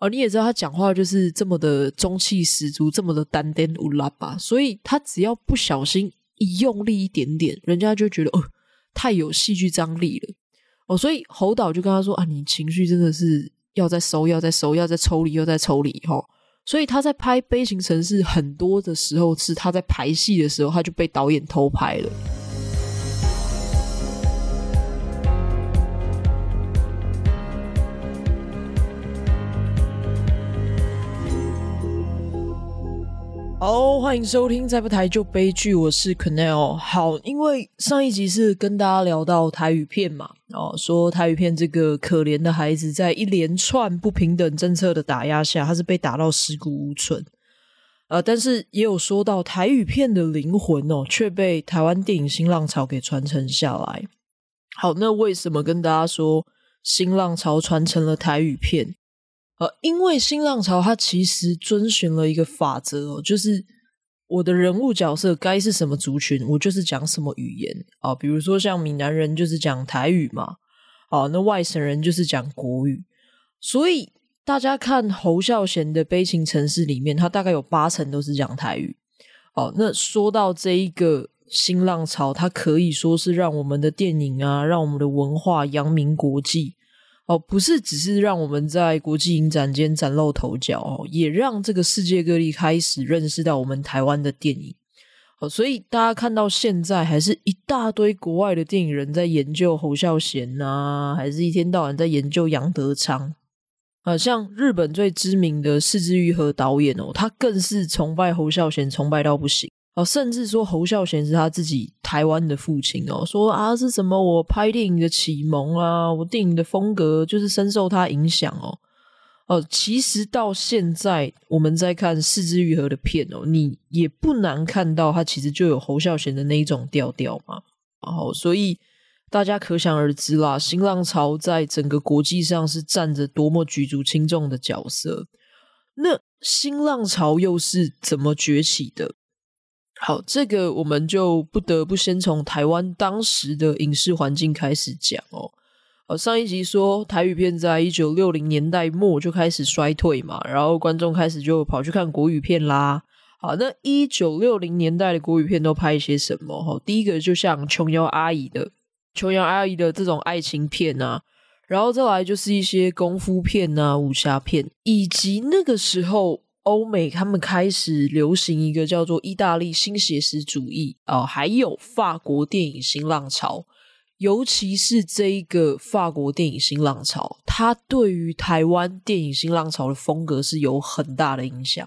而、哦、你也知道他講話就是這麼的中氣十足，這麼的單顛無拉吧，所以他只要不小心一用力一點點，人家就覺得哦，太有戲劇張力了。哦，所以侯導就跟他說啊，你情緒真的是要再收，要再收，要再抽離，又再抽離。哈、哦。所以他在拍《悲情城市》很多的時候是他在排戲的時候，他就被導演偷拍了。好，歡迎收聽《再不台就悲劇》，我是 Quennel。好，因為上一集是跟大家聊到台語片嘛，哦，說台語片這個可憐的孩子，在一連串不平等政策的打壓下，他是被打到屍骨無存。呃，但是也有說到台語片的靈魂哦，卻被台灣電影新浪潮給傳承下來。好，那為什麼跟大家說新浪潮傳承了台語片？呃，因為新浪潮它其實遵循了一個法則哦，就是我的人物角色該是什麼族群，我就是講什麼語言啊、呃。比如說像閩南人就是講台語嘛，啊、呃，那外省人就是講國語。所以大家看侯孝賢的《悲情城市》裡面，他大概有八成都是講台語。好、呃，那說到這一個新浪潮，它可以說是讓我們的電影啊，讓我們的文化揚名國際。哦，不是只是讓我們在國際影展間嶄露頭角哦，也讓這個世界各地開始認識到我們台灣的電影。哦，所以大家看到，現在還是一大堆國外的電影人在研究侯孝賢吶、啊，還是一天到晚在研究楊德昌啊，像日本最知名的四枝玉和、是枝裕和導演哦，他更是崇拜侯孝賢，崇拜到不行。哦、甚至說侯孝賢是他自己台灣的父親哦，說啊是什麼我拍電影的啟蒙啊，我電影的風格就是深受他影響哦，哦。其實到現在我們在看《是枝裕和》的片哦，你也不難看到他其實就有侯孝賢的那一種調調嘛。然、哦、後，所以大家可想而知啦，新浪潮在整個國際上是站着多麼舉足輕重的角色。那新浪潮又是怎麼崛起的？好，這個我們就不得不先從台灣當時的影視環境開始講哦。好，上一集說台語片在一九六零年代末就開始衰退嘛，然後觀眾開始就跑去看國語片啦。好，那一九六零年代的國語片都拍一些什麼？齁，第一個就像瓊瑤阿姨的瓊瑤阿姨的這種愛情片啊，然後再來就是一些功夫片吶、啊、武俠片，以及那個時候。歐美他們開始流行一個叫做意大利新寫實主義哦，還有法國電影新浪潮，尤其是這一個法國電影新浪潮，它對於台灣電影新浪潮的風格是有很大的影響。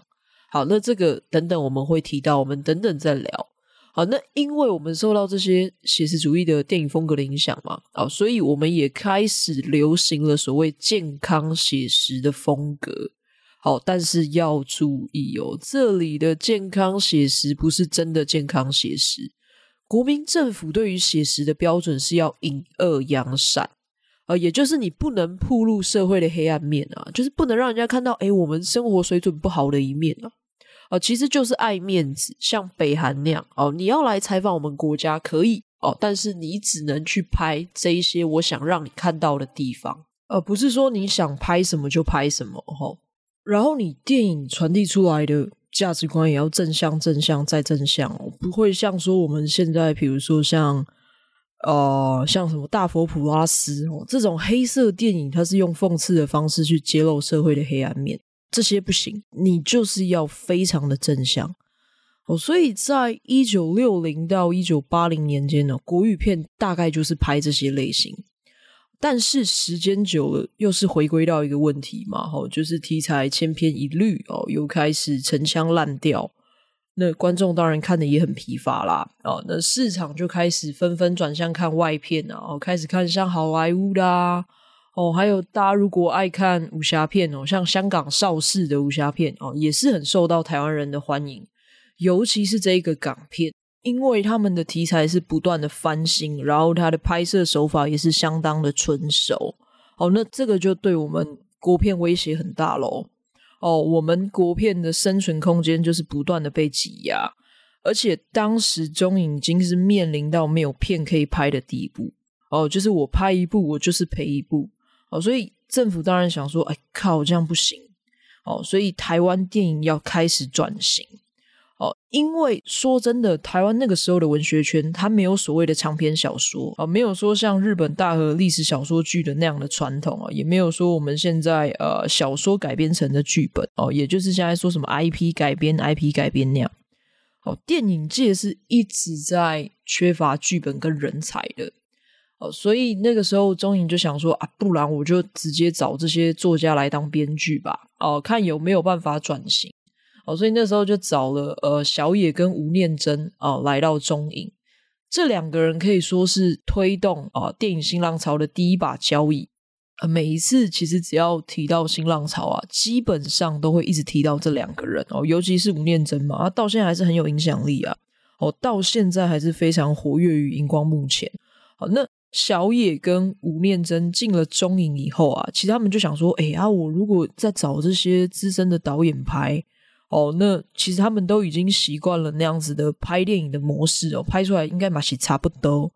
好，那這個等等我們會提到，我們等等再聊。好，那因為我們受到這些寫實主義的電影風格的影響嘛，所以我們也開始流行了所謂健康寫實的風格。好，但是要注意哦，這裡的健康寫實不是真的健康寫實。國民政府對於寫實的標準是要隱惡揚善呃，也就是你不能暴露社會的黑暗面啊，就是不能讓人家看到誒、哎，我們生活水準不好的一面啊。呃，其實就是愛面子，像北韓那樣哦。你要來採訪我們國家可以哦，但是你只能去拍這一些我想讓你看到的地方，而、呃、不是說你想拍什麼就拍什麼哈。哦然後你電影傳遞出來的價值觀也要正向、正向再正向哦，不會像說我們現在，比如說像呃像什麼大佛普拉斯哦這種黑色電影，它是用諷刺的方式去揭露社會的黑暗面，這些不行，你就是要非常的正向哦。所以在一九六零到一九八零年間呢哦，國語片大概就是拍這些類型。但是時間久了，又是回歸到一個問題嘛，吼、哦，就是題材千篇一律哦，又開始陳腔濫調。那觀眾當然看的也很疲乏啦，哦，那市場就開始紛紛轉向看外片啊，哦，開始看像好萊塢啦，哦，還有大家如果愛看武俠片哦，像香港邵氏的武俠片哦，也是很受到台灣人的歡迎，尤其是這個港片。因為他們的題材是不斷的翻新，然後他的拍攝手法也是相當的純熟。哦，那這個就對我們國片威脅很大嘍。哦，我們國片的生存空間就是不斷的被擠壓，而且當時中影已經是面臨到沒有片可以拍的地步。哦，就是我拍一部，我就是賠一部。哦，所以政府當然想說，哎，靠，這樣不行。哦，所以台灣電影要開始轉型。哦，因為說真的，台灣那個時候的文學圈，它沒有所謂的長篇小說啊，沒有說像日本大河歷史小說劇的那樣的傳統啊，也沒有說我們現在呃小說改編成的劇本哦，也就是現在說什麼 IP 改編、IP 改編那樣。哦，電影界是一直在缺乏劇本跟人才的哦，所以那個時候中影就想說啊，不然我就直接找這些作家來當編劇吧，哦，看有沒有辦法轉型。所以那時候就找了呃小野跟吳念真啊、呃、來到中影，這兩個人可以說是推動啊、呃、電影新浪潮的第一把交椅啊、呃。每一次其實只要提到新浪潮啊，基本上都會一直提到這兩個人哦，尤其是吳念真嘛，啊到現在還是很有影響力啊，哦到現在還是非常活躍於熒光幕前。好、哦，那小野跟吳念真進了中影以後啊，其實他們就想說，哎啊，我如果再找這些資深的導演拍。哦，那其實他們都已經習慣了那樣子的拍電影的模式哦，拍出來應該嘛是差不多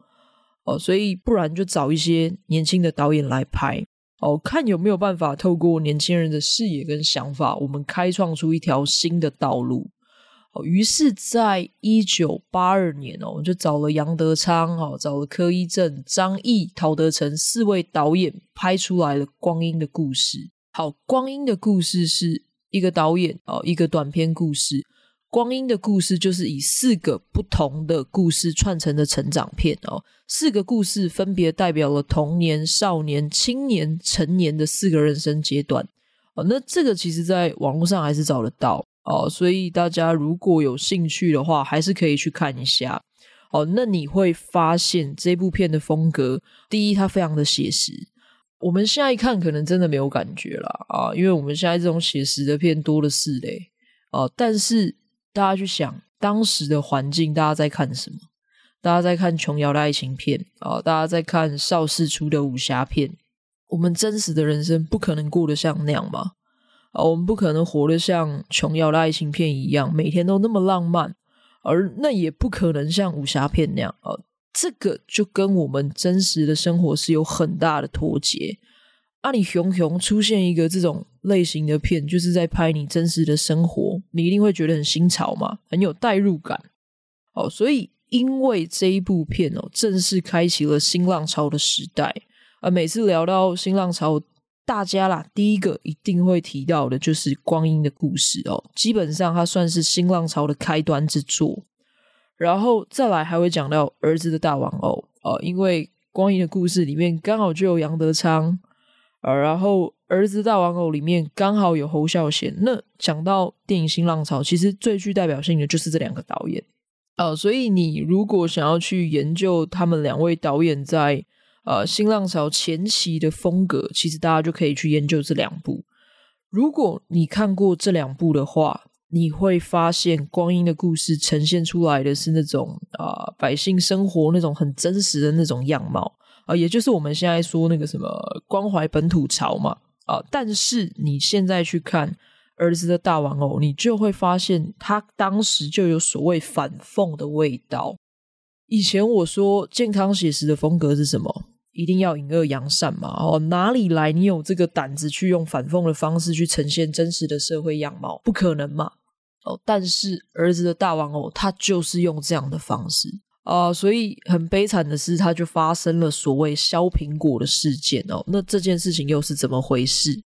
哦，所以不然就找一些年輕的導演來拍哦，看有沒有辦法透過年輕人的視野跟想法，我們開創出一條新的道路。哦，於是在一九八二年哦，我就找了楊德昌哦，找了柯一正、張毅、陶德辰四位導演拍出來了光陰的故事好，《光陰的故事》。好，《光陰的故事》是，一個導演哦，一個短篇故事，《光陰的故事》就是以四個不同的故事串成的成長片哦。四個故事分別代表了童年、少年、青年、成年的四個人生階段哦。那這個其實在網絡上還是找得到哦，所以大家如果有興趣的話，還是可以去看一下哦。那你會發現這部片的風格，第一，它非常的寫實。我們現在一看，可能真的沒有感覺了啊！因為我們現在這種寫實的片多的是嘞啊！但是大家去想當時的環境，大家在看什麼？大家在看瓊瑤的愛情片啊？大家在看邵氏出的武俠片？我們真實的人生不可能過得像那樣嘛啊！我們不可能活得像瓊瑤的愛情片一樣，每天都那麼浪漫，而那也不可能像武俠片那樣啊。這個就跟我們真實的生活是有很大的脫節。啊，你熊熊出現一個這種類型的片，就是在拍你真實的生活，你一定會覺得很新潮嘛，很有代入感。哦，所以因為這一部片哦，正式開啟了新浪潮的時代。啊，每次聊到新浪潮，大家啦第一個一定會提到的就是《光陰的故事》哦，基本上它算是新浪潮的開端之作。然後再來還會講到兒子的大玩偶呃，因為光陰的故事裡面剛好就有楊德昌呃，然後兒子大玩偶裡面剛好有侯孝賢。那講到電影新浪潮，其實最具代表性的就是這兩個導演啊、呃，所以你如果想要去研究他們兩位導演在呃新浪潮前期的風格，其實大家就可以去研究這兩部。如果你看過這兩部的話。你會發現，光陰的故事呈現出來的是那種啊、呃，百姓生活那種很真實的那種樣貌啊、呃，也就是我們現在說那個什麼關懷本土潮嘛啊、呃。但是你現在去看《兒子的大玩偶》哦，你就會發現他當時就有所謂反諷的味道。以前我說健康寫實的風格是什麼？一定要隱惡揚善嘛。哦，哪裡來？你有這個膽子去用反諷的方式去呈現真實的社會樣貌？不可能嘛？哦，但是兒子的大玩偶，哦，他就是用這樣的方式啊，呃，所以很悲慘的是，他就發生了所謂削蘋果的事件哦。那這件事情又是怎麼回事？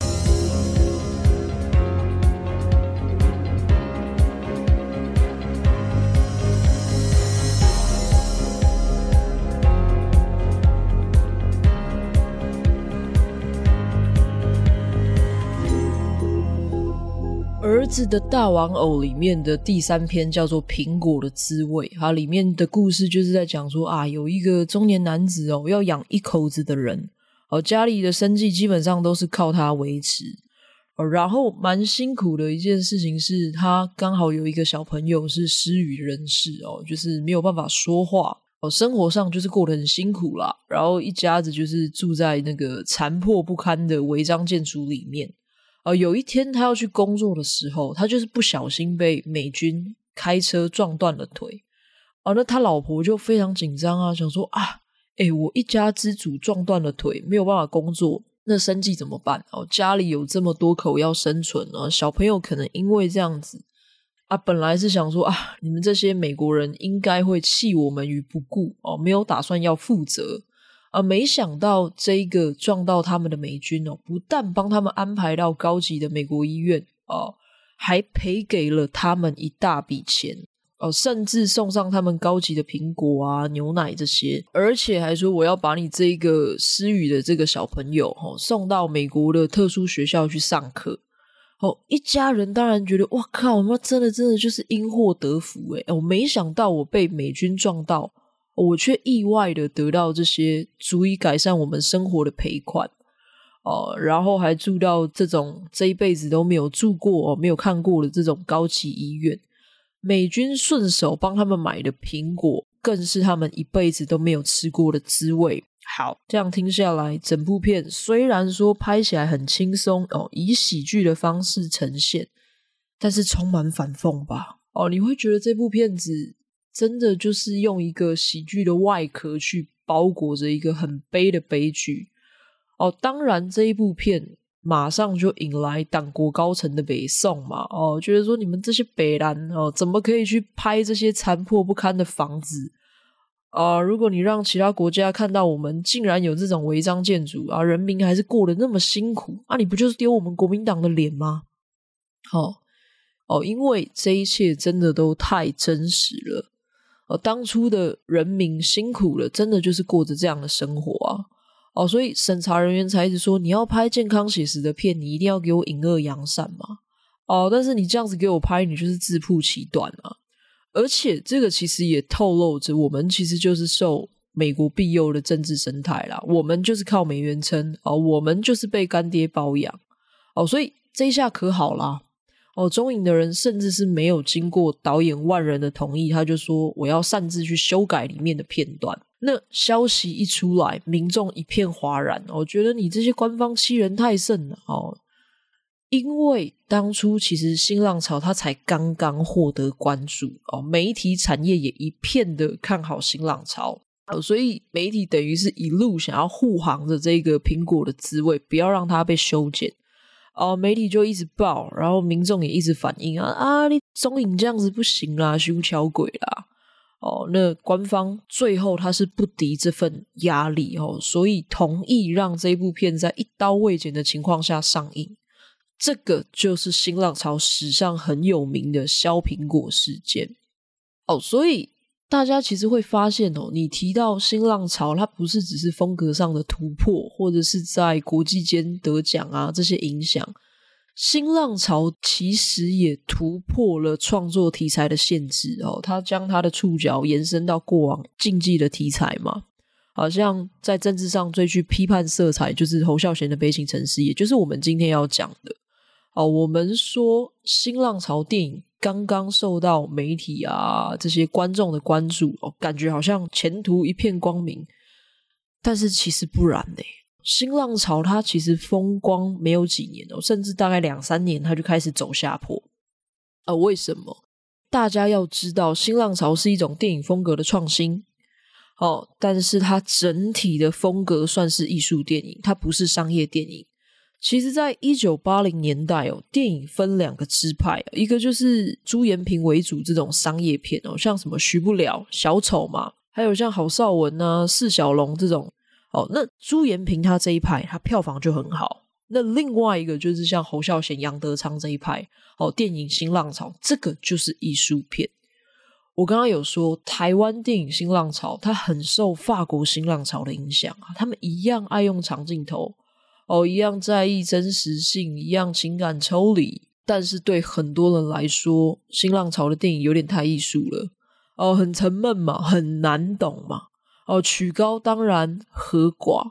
《字的大玩偶》裡面的第三篇叫做《蘋果的滋味》啊，它裡面的故事就是在講說啊，有一個中年男子哦，要養一口子的人哦，家裡的生計基本上都是靠他維持哦，然後蠻辛苦的一件事情是，他剛好有一個小朋友是失語人士哦，就是沒有辦法說話哦，生活上就是過得很辛苦啦，然後一家子就是住在那個殘破不堪的違章建築裡面。啊、呃，有一天他要去工作的時候，他就是不小心被美軍開車撞斷了腿。啊、呃，那他老婆就非常緊張啊，想說啊，哎、欸，我一家之主撞斷了腿，沒有辦法工作，那生計怎麼辦？哦，家裡有這麼多口要生存啊，小朋友可能因為這樣子啊，本來是想說啊，你們這些美國人應該會棄我們於不顧哦，沒有打算要負責。啊！沒想到這一個撞到他們的美軍哦，不但幫他們安排到高級的美國醫院哦，還賠給了他們一大筆錢哦，甚至送上他們高級的蘋果啊、牛奶這些，而且還說我要把你這個失語的這個小朋友哦送到美國的特殊學校去上課。哦，一家人當然覺得哇靠！我們真的真的就是因禍得福哎、欸！我沒想到我被美軍撞到。我卻意外地得到這些足以改善我們生活的賠款，哦，然後還住到這種這一輩子都沒有住過，哦，沒有看過的這種高級醫院。美軍順手幫他們買的蘋果，更是他們一輩子都沒有吃過的滋味。好，這樣聽下來，整部片雖然說拍起來很輕鬆，哦，以喜劇的方式呈現，但是充滿反諷吧。哦，你會覺得這部片子，真的就是用一個喜劇的外殼去包裹着一個很悲的悲劇哦。當然，這一部片馬上就引來黨國高層的北宋嘛哦，覺得說你們這些北蘭哦，怎麼可以去拍這些殘破不堪的房子啊？哦，如果你讓其他國家看到我們竟然有這種違章建築啊，人民還是過得那麼辛苦啊，你不就是丟我們國民黨的臉嗎？哦哦，因為這一切真的都太真實了。哦、呃，當初的人民辛苦了，真的就是過着這樣的生活啊！哦、呃，所以審查人員才一直說，你要拍健康寫實的片，你一定要給我隱惡揚善嘛！哦、呃，但是你這樣子給我拍，你就是自曝其短嘛，啊！而且這個其實也透露着，我們其實就是受美國庇佑的政治生態啦，我們就是靠美元撐，哦、呃，我們就是被乾爹包養，哦、呃，所以這一下可好啦。哦，中影的人甚至是沒有經過導演萬人的同意，他就說我要擅自去修改裡面的片段。那消息一出來，民眾一片嘩然。我，哦，覺得你這些官方欺人太甚了哦。因為當初其實新浪潮它才剛剛獲得關注哦，媒體產業也一片的看好新浪潮，哦，所以媒體等於是一路想要護航着這個蘋果的滋味，不要讓它被修剪。哦，媒體就一直報，然後民眾也一直反映，啊啊！你中影這樣子不行啦，修橋鬼啦！哦，那官方最後他是不敵這份壓力哦，所以同意讓這部片在一刀未剪的情況下上映。這個就是新浪潮史上很有名的削蘋果事件。哦，所以。大家其實會發現哦，你提到新浪潮，它不是只是風格上的突破，或者是在國際間得獎啊這些影響。新浪潮其實也突破了創作題材的限制哦，它將它的觸角延伸到過往禁忌的題材嘛，好像在政治上最具批判色彩，就是侯孝賢的《悲情城市》，也就是我們今天要講的哦。我們說新浪潮電影。剛剛受到媒體啊這些觀眾的關注哦，感覺好像前途一片光明，但是其實不然呢、欸，新浪潮它其實風光沒有幾年哦，甚至大概兩三年它就開始走下坡。啊，為什麼？大家要知道，新浪潮是一種電影風格的創新哦，但是它整體的風格算是藝術電影，它不是商業電影。其實，在一九八零年代哦，電影分兩個支派，一個就是朱延平為主這種商業片哦，像什麼《許不了》、小丑嘛，還有像郝劭文啊、釋小龍這種哦。那朱延平他這一派，他票房就很好。那另外一個就是像侯孝賢、楊德昌這一派哦，電影新浪潮，這個就是藝術片。我剛剛有說，台灣電影新浪潮它很受法國新浪潮的影響啊，他們一樣愛用長鏡頭。哦，一樣在意真實性，一樣情感抽離，但是對很多人來說，新浪潮的電影有點太藝術了，哦，很沉悶嘛，很難懂嘛，哦，曲高當然和寡，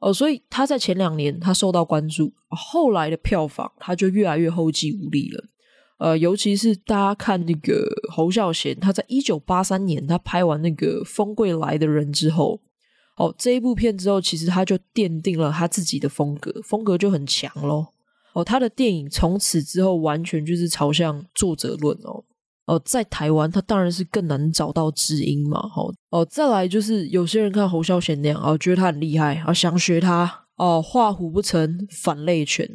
哦，所以他在前兩年他受到關注，後來的票房他就越來越後繼無力了，呃，尤其是大家看那個侯孝賢，他在一九八三年他拍完那個《風貴來的人》之後。哦，這一部片之後，其實他就奠定了他自己的風格，風格就很強咯。哦，他的電影從此之後完全就是朝向作者論哦。哦，在台灣，他當然是更難找到知音嘛。好、哦，哦，再來就是有些人看侯孝賢那樣哦，覺得他很厲害啊，想學他哦，畫虎不成反類犬。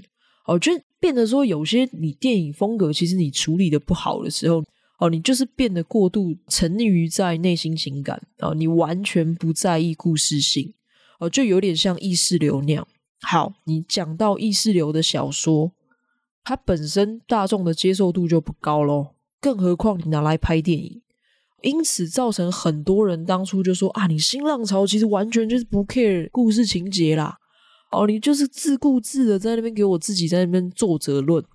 哦，就變得說，有些你電影風格其實你處理得不好的時候。你就是變得過度沉溺於在內心情感啊，你完全不在意故事性哦，就有點像意識流那樣。好，你講到意識流的小說，它本身大眾的接受度就不高咯，更何況你拿來拍電影，因此造成很多人當初就說啊，你新浪潮其實完全就是不 care 故事情節啦。哦，你就是自顧自的在那邊給我自己在那邊作者論。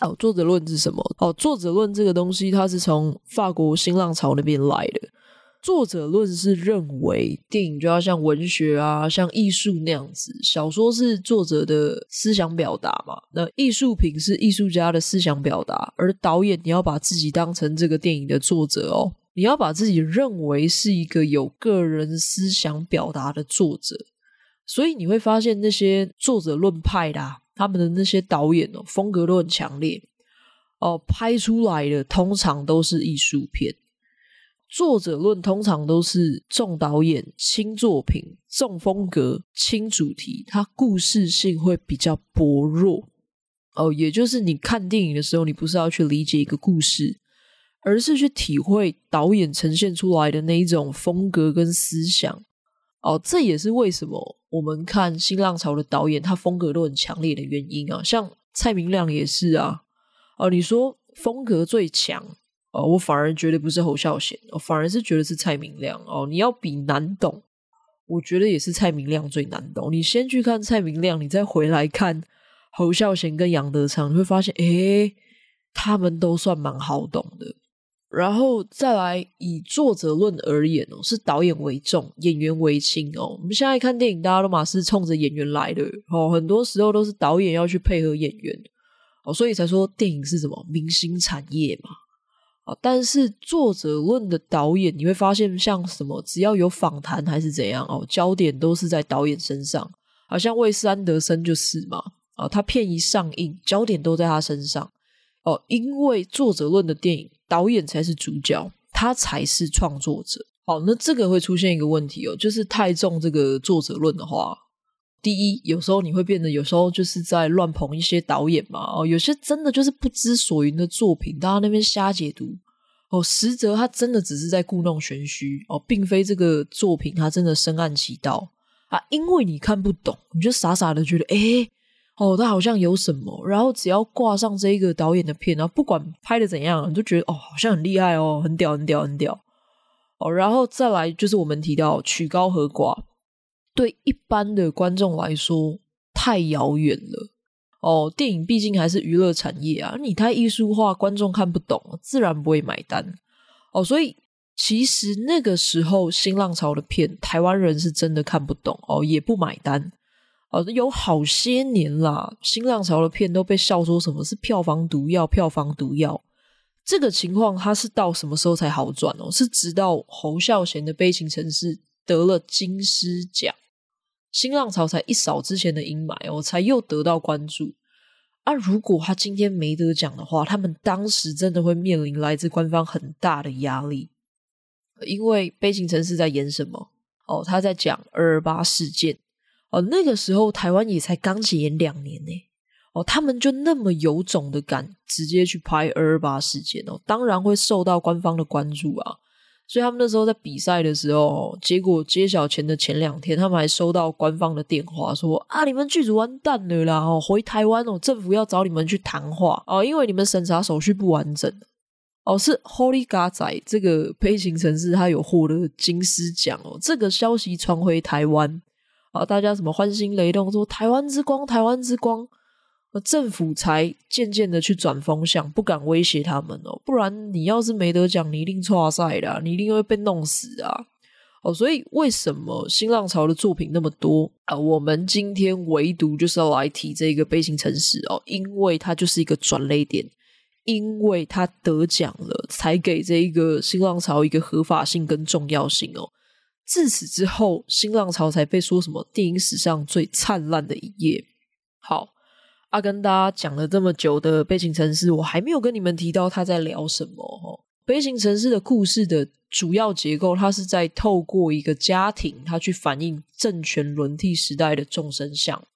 哦，作者論是什麼？哦，作者論這個東西，它是從法國新浪潮那邊來的。作者論是認為電影就要像文學啊，像藝術那樣子。小說是作者的思想表達嘛，那藝術品是藝術家的思想表達。而導演，你要把自己當成這個電影的作者哦，你要把自己認為是一個有個人思想表達的作者。所以你會發現那些作者論派的啊。他們的那些導演哦，風格都很強烈哦，拍出來的通常都是藝術片。作者論通常都是重導演、輕作品、重風格、輕主題，它故事性會比較薄弱哦。也就是你看電影的時候，你不是要去理解一個故事，而是去體會導演呈現出來的那一種風格跟思想。哦，這也是為什麼我們看新浪潮的導演，他風格都很強烈的原因啊。像蔡明亮也是啊，哦，你說風格最強，哦，我反而覺得不是侯孝賢，哦，反而是覺得是蔡明亮。哦，你要比難懂，我覺得也是蔡明亮最難懂。你先去看蔡明亮，你再回來看侯孝賢跟楊德昌，你會發現，誒，他們都算蠻好懂的。然後再來以作者論而言哦，是導演為重，演員為輕哦。我們現在看電影，大家都嘛是衝着演員來的哦。很多時候都是導演要去配合演員哦，所以才說電影是什麼明星產業嘛。啊、哦，但是作者論的導演，你會發現像什麼，只要有訪談還是怎樣哦，焦點都是在導演身上。好像魏斯安德森就是嘛，啊、哦，他片一上映，焦點都在他身上哦，因為作者論的電影。導演才是主角，他才是創作者。好、哦，那這個會出現一個問題哦，就是太重這個作者論的話，第一，有時候你會變得有時候就是在亂捧一些導演嘛。哦，有些真的就是不知所云的作品，到他那邊瞎解讀。哦，實則他真的只是在故弄玄虛。哦，並非這個作品他真的深諳其道啊，因為你看不懂，你就傻傻的覺得誒、欸哦，他好像有什麼，然後只要掛上這個導演的片，然後不管拍得怎樣，你就覺得哦，好像很厲害哦，很屌，很屌，很屌哦。然後再來就是我們提到曲高和寡，對一般的觀眾來說太遙遠了哦。電影畢竟還是娛樂產業啊，你太藝術化，觀眾看不懂，自然不會買單哦。所以其實那個時候新浪潮的片，台灣人是真的看不懂哦，也不買單。哦，有好些年啦，新浪潮的片都被笑說什麼是票房毒藥，票房毒藥。這個情況它是到什麼時候才好轉哦？是直到侯孝賢的《悲情城市》得了金獅獎，新浪潮才一掃之前的陰霾哦，才又得到關注。啊，如果他今天沒得獎的話，他們當時真的會面臨來自官方很大的壓力。因為《悲情城市》在演什麼？哦，他在講二二八事件。哦，那個時候台灣也才剛解嚴兩年呢、欸。哦，他們就那麼有種的敢直接去拍二二八事件哦，當然會受到官方的關注啊。所以他們那時候在比賽的時候，結果揭曉前的前兩天，他們還收到官方的電話說：“啊，你們劇組完蛋了啦！哦，回台灣哦，政府要找你們去談話哦，因為你們審查手續不完整哦。”是《好佳哉》這個悲情城市，他有獲得金獅獎哦。這個消息傳回台灣。啊！大家什麼歡欣雷動說，說台灣之光，台灣之光，呃，政府才漸漸的去轉風向，不敢威脅他們哦、喔。不然你要是沒得獎，你一定挫賽的、啊，你一定會被弄死啊！哦、喔，所以為什麼新浪潮的作品那麼多啊？我們今天唯獨就是要來提這個《悲情城市、喔》哦，因為它就是一個轉捩點，因為它得獎了，才給這一個新浪潮一個合法性跟重要性哦、喔。自此之後，新浪潮才被說什麼電影史上最燦爛的一頁。好，阿、啊、跟大家講了這麼久的《悲情城市》，我還沒有跟你們提到他在聊什麼。哦。《悲情城市》的故事的主要結構，它是在透過一個家庭，它去反映政權輪替時代的眾生相。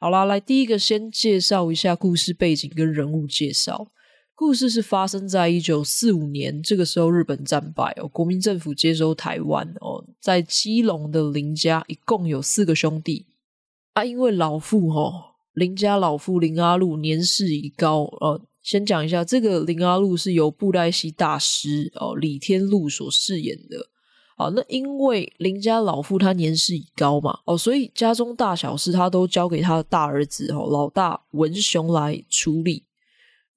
好啦，來第一個先介紹一下故事背景跟人物介紹。故事是發生在一九四五年，這個時候日本戰敗哦，國民政府接收台灣哦，在基隆的林家一共有四個兄弟啊，因為老父哦，林家老父林阿祿年事已高哦，先講一下這個林阿祿是由布袋戲大師哦李天祿所飾演的啊，哦，那因為林家老父他年事已高嘛哦，所以家中大小事他都交給他的大兒子哦，老大文雄來處理。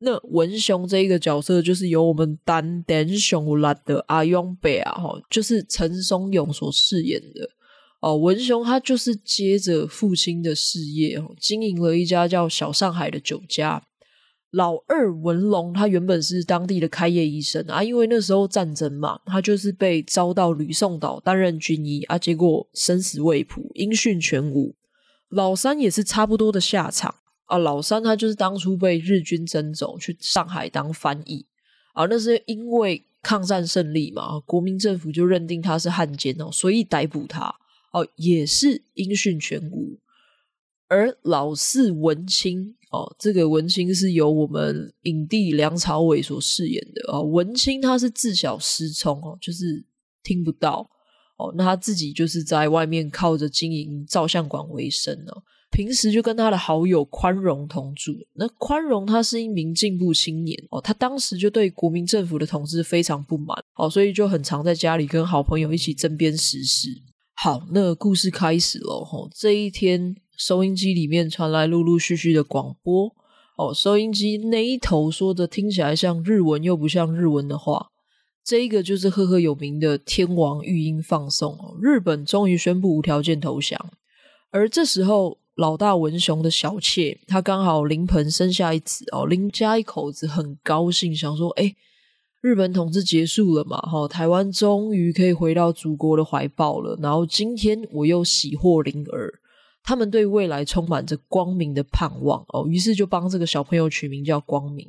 那文雄這一個角色，就是由我們丹丹熊來的阿勇伯啊，哈，就是陳松勇所飾演的哦。文雄他就是接着父親的事業哦，經營了一家叫小上海的酒家。老二文龍，他原本是當地的開業醫生啊，因為那時候戰爭嘛，他就是被召到呂宋島擔任軍醫啊，結果生死未卜，音訊全無。老三也是差不多的下場。啊，老三他就是當初被日軍徵走去上海當翻譯，啊，那時候因為抗戰勝利嘛，國民政府就認定他是漢奸哦，所以逮捕他哦、啊，也是音訊全無。而老四文清哦、啊，這個文清是由我們影帝梁朝偉所飾演的啊，文清他是自小失聰哦、啊，就是聽不到哦、啊，那他自己就是在外面靠着經營照相館為生平時就跟他的好友寬容同住。那寬容他是一名進步青年哦，他當時就對國民政府的統治非常不滿哦，所以就很常在家裡跟好朋友一起爭辯時事。好，那個、故事開始了哦。這一天，收音機裡面傳來陸陸續續，續的廣播哦，收音機那一頭說的聽起來像日文又不像日文的話，這一個就是赫赫有名的天皇玉音放送哦。日本終於宣布無條件投降，而這時候。老大文雄的小妾，他剛好臨盆生下一子哦，林家一口子很高興，想說，哎，欸，日本統治結束了嘛，哦，台灣終於可以回到祖國的懷抱了。然後今天我又喜獲麟兒，他們對未來充滿着光明的盼望哦，於是就幫這個小朋友取名叫光明。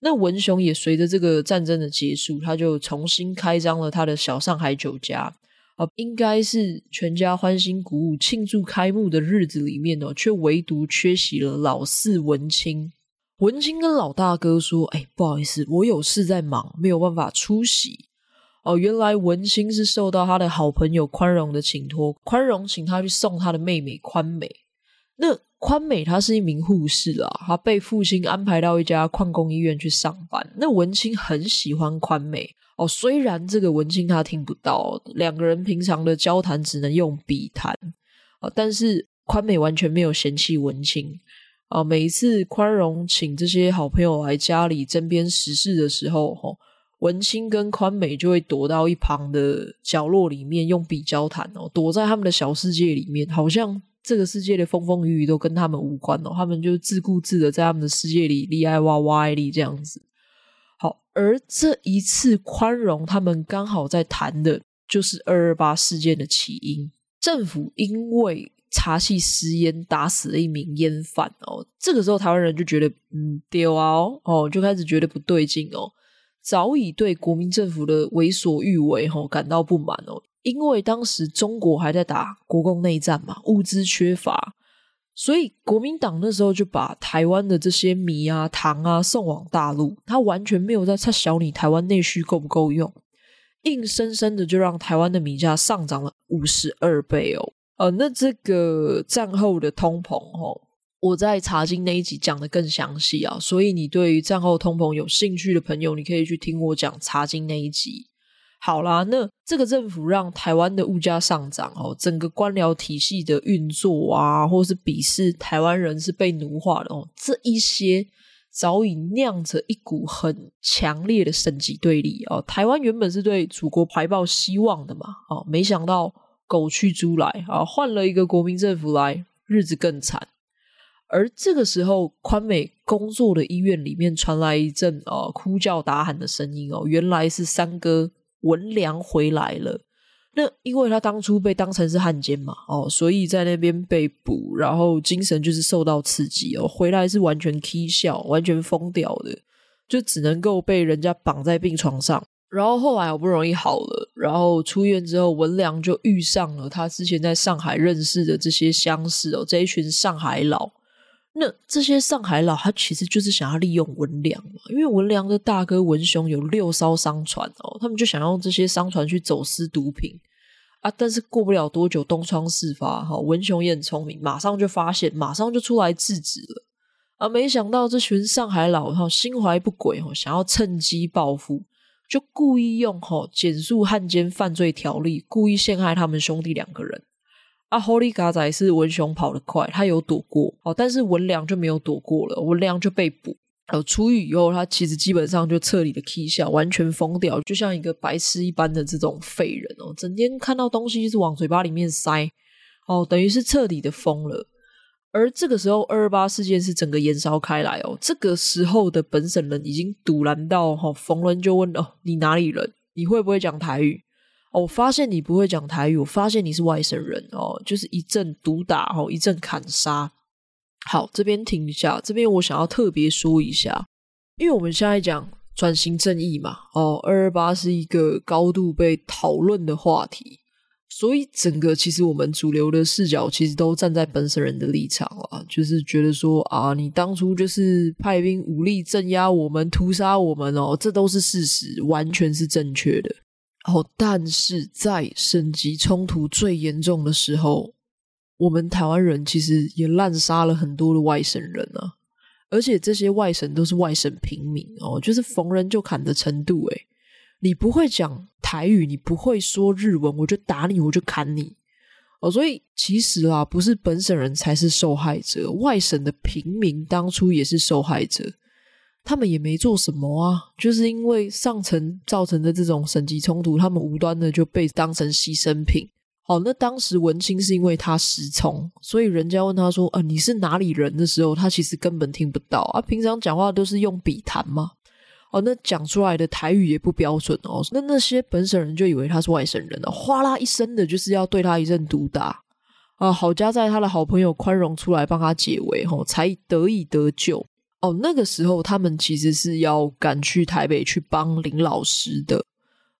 那文雄也隨着這個戰爭的結束，他就重新開張了他的小上海酒家。哦，應該是全家歡欣鼓舞慶祝開幕的日子裡面哦，卻唯獨缺席了老四文清。文清跟老大哥說：“誒、哎、不好意思，我有事在忙，沒有辦法出席。”哦，原來文清是受到他的好朋友寬容的請托，寬容請他去送他的妹妹寬美。那。寬美她是一名護士啦，她被父親安排到一家礦工醫院去上班。那文清很喜歡寬美哦，雖然這個文清他聽不到，兩個人平常的交談只能用筆談、哦、但是寬美完全沒有嫌棄文清啊、哦。每一次寬容請這些好朋友來家裡針砭時事的時候，哦、文清跟寬美就會躲到一旁的角落裡面用筆交談哦，躲在他們的小世界裡面，好像。這個世界的風風雨雨都跟他們無關哦，他們就自顧自的在他們的世界裡戀愛、挖挖愛麗這樣子。好，而這一次寬容，他們剛好在談的就是二二八事件的起因。政府因為查緝私菸打死了一名菸販哦，這個時候台灣人就覺得嗯丟、啊、哦哦，就開始覺得不對勁哦，早已對國民政府的為所欲為哦感到不滿哦。因為當時中國還在打國共內戰嘛，物資缺乏，所以國民黨那時候就把台灣的這些米啊、糖啊送往大陸，他完全沒有在插小你台灣內需夠不夠用，硬生生的就讓台灣的米價上漲了五十二倍哦。呃，那這個戰後的通膨，哦，我在茶經那一集講得更詳細啊，所以你對於戰後通膨有興趣的朋友，你可以去聽我講茶經那一集。好啦，那這個政府讓台灣的物價上漲哦，整個官僚體系的運作啊，或是鄙視台灣人是被奴化的哦，這一些早已釀着一股很強烈的省籍對立哦。台灣原本是對祖國懷抱希望的嘛，哦，沒想到狗去豬來啊，換了一個國民政府來，日子更慘。而這個時候，寬美工作的醫院裡面傳來一陣哦哭叫打喊的聲音哦，原來是三哥。文良回來了，那因為他當初被當成是漢奸嘛，哦，所以在那邊被捕，然後精神就是受到刺激哦，回來是完全起笑，完全瘋掉的，就只能夠被人家綁在病床上，然後後來好不容易好了，然後出院之後，文良就遇上了他之前在上海認識的這些相識哦，這一群上海佬。那這些上海佬他其實就是想要利用文良嘛，因為文良的大哥文雄有六艘商船哦，他們就想用這些商船去走私毒品啊。但是過不了多久，東窗事發哈，文雄也很聰明，馬上就發現，馬上就出來制止了。啊，沒想到這群上海佬哈心懷不軌哦，想要趁機報復，就故意用哈《簡述漢奸犯罪條例》，故意陷害他們兄弟兩個人。啊，好佳哉是文雄跑得快，他有躲過哦，但是文良就沒有躲過了，文良就被捕。哦，出獄以後，他其實基本上就徹底的起痟，完全瘋掉，就像一個白痴一般的這種廢人哦，整天看到東西就是往嘴巴裡面塞哦，等於是徹底的瘋了。而這個時候，二二八事件是整個延燒開來哦，這個時候的本省人已經賭爛到哈、哦，逢人就問哦，你哪裡人？你會不會講台語？哦，我發現你不會講台語，我發現你是外省人哦，就是一陣毒打哦，一陣砍殺。好，這邊停一下，這邊我想要特別說一下，因為我們現在講轉型正義嘛，哦，二二八是一個高度被討論的話題，所以整個其實我們主流的視角其實都站在本省人的立場啊，就是覺得說啊，你當初就是派兵武力鎮壓我們，屠殺我們哦，這都是事實，完全是正確的。哦，但是在省籍衝突最嚴重的時候，我們台灣人其實也濫殺了很多的外省人啊！而且這些外省都是外省平民哦，就是逢人就砍的程度誒、欸。你不會講台語，你不會說日文，我就打你，我就砍你哦！所以其實啊，不是本省人才是受害者，外省的平民當初也是受害者。他們也沒做什麼啊，就是因為上層造成的這種省籍衝突，他們無端的就被當成犧牲品。好、哦，那當時文清是因為他失聰，所以人家問他說：“呃、啊、你是哪裡人？”的時候，他其實根本聽不到啊。平常講話都是用筆談嘛，哦，那講出來的台語也不標準哦。那那些本省人就以為他是外省人了、哦，嘩啦一聲的，就是要對他一陣毒打啊。好家在他的好朋友寬容出來幫他解圍後、哦，才得以得救。哦，那個時候他們其實是要趕去台北去幫林老師的，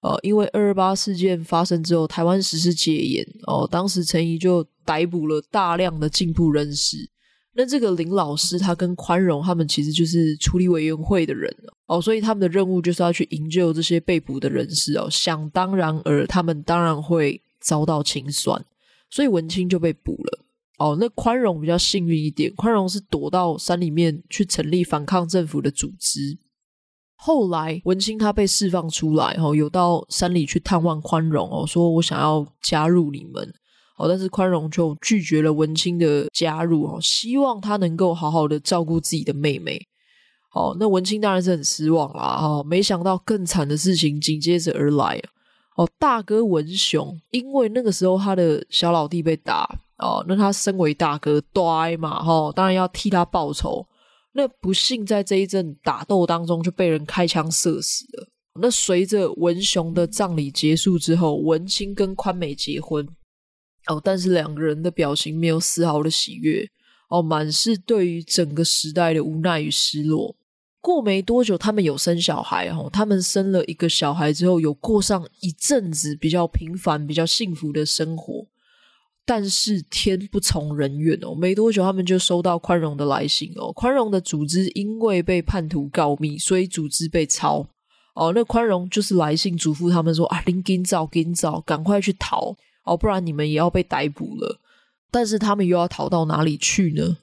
呃、哦，因為二二八事件發生之後，台灣實施戒嚴，哦，當時陳儀就逮捕了大量的進步人士。那這個林老師他跟寬榮他們其實就是處理委員會的人，哦，所以他們的任務就是要去營救這些被捕的人士哦，想當然爾，他們當然會遭到清算，所以文清就被捕了。哦，那寬容比較幸運一點。寬容是躲到山裡面去成立反抗政府的組織。後來文清他被釋放出來後，哦，有到山裡去探望寬容哦，說我想要加入你們哦，但是寬容就拒絕了文清的加入哦，希望他能夠好好的照顧自己的妹妹。哦，那文清當然是很失望啦哈，哦，沒想到更慘的事情緊接着而來哦。大哥文雄因為那個時候他的小老弟被打。哦，那他身為大哥，衰嘛哈、哦，當然要替他報仇。那不幸在這一陣打鬥當中，就被人開槍射死了。那隨着文雄的葬禮結束之後，文清跟寬美結婚。哦，但是兩個人的表情沒有絲毫的喜悅，哦，滿是對於整個時代的無奈與失落。過沒多久，他們有生小孩，哦，他們生了一個小孩之後，有過上一陣子比較平凡、比較幸福的生活。但是天不從人願哦，沒多久他們就收到寬容的來信哦。寬容的組織因為被叛徒告密，所以組織被抄哦。那寬容就是來信囑咐他們說啊，恁緊走、緊走，趕快去逃哦，不然你們也要被逮捕了。但是他們又要逃到哪裡去呢？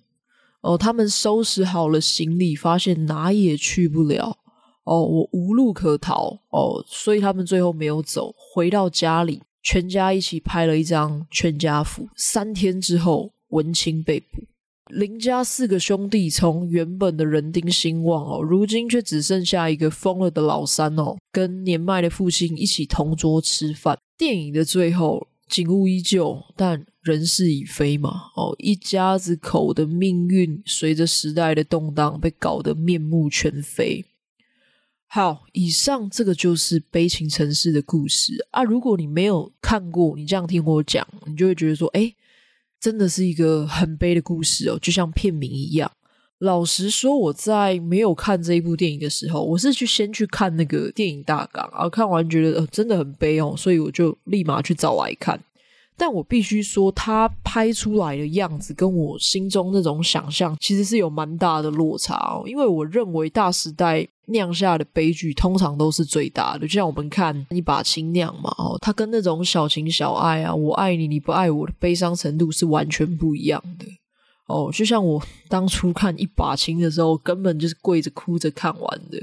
哦，他們收拾好了行李，發現哪也去不了哦，我無路可逃哦，所以他們最後沒有走，回到家裡。全家一起拍了一張全家福。三天之後，文清被捕。林家四個兄弟從原本的人丁興旺哦，如今卻只剩下一個瘋了的老三哦，跟年邁的父親一起同桌吃飯。電影的最後，景物依舊，但人事已非嘛哦，一家子口的命運隨着時代的動盪被搞得面目全非。好，以上這個就是《悲情城市》的故事啊。如果你沒有看過，你這樣聽我講，你就會覺得說，哎、欸，真的是一個很悲的故事哦，就像片名一樣。老實說，我在沒有看這一部電影的時候，我是去先去看那個電影大綱啊，然後看完覺得，呃，真的很悲哦，所以我就立馬去找來看。但我必須說，他拍出來的樣子跟我心中那種想象，其實是有蠻大的落差哦。因為我認為大時代釀下的悲劇，通常都是最大的。就像我們看《一把青》釀嘛哦，它跟那種小情小愛啊，我愛你你不愛我的悲傷程度是完全不一樣的哦。就像我當初看《一把青》的時候，根本就是跪着哭着看完的。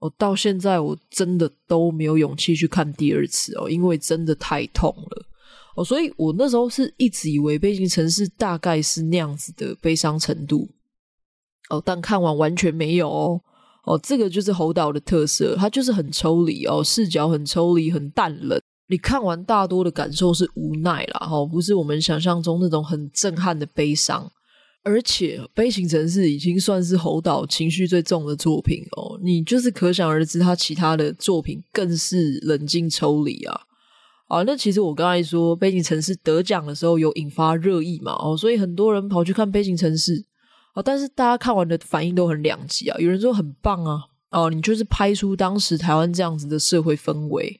哦，到現在我真的都沒有勇氣去看第二次哦，因為真的太痛了。哦，所以我那時候是一直以為《悲情城市》大概是那樣子的悲傷程度，哦，但看完完全沒有哦。哦，這個就是侯導的特色，它就是很抽離哦，視角很抽離，很淡冷。你看完大多的感受是無奈啦，哈、哦，不是我們想象中那種很震撼的悲傷。而且《悲情城市》已經算是侯導情緒最重的作品哦，你就是可想而知，它其他的作品更是冷靜抽離啊。啊，那其實我剛才說《悲情城市》得獎的時候有引發熱議嘛？哦，所以很多人跑去看《悲情城市》哦，但是大家看完的反應都很兩極啊。有人說很棒啊，哦，你就是拍出當時台灣這樣子的社會氛圍；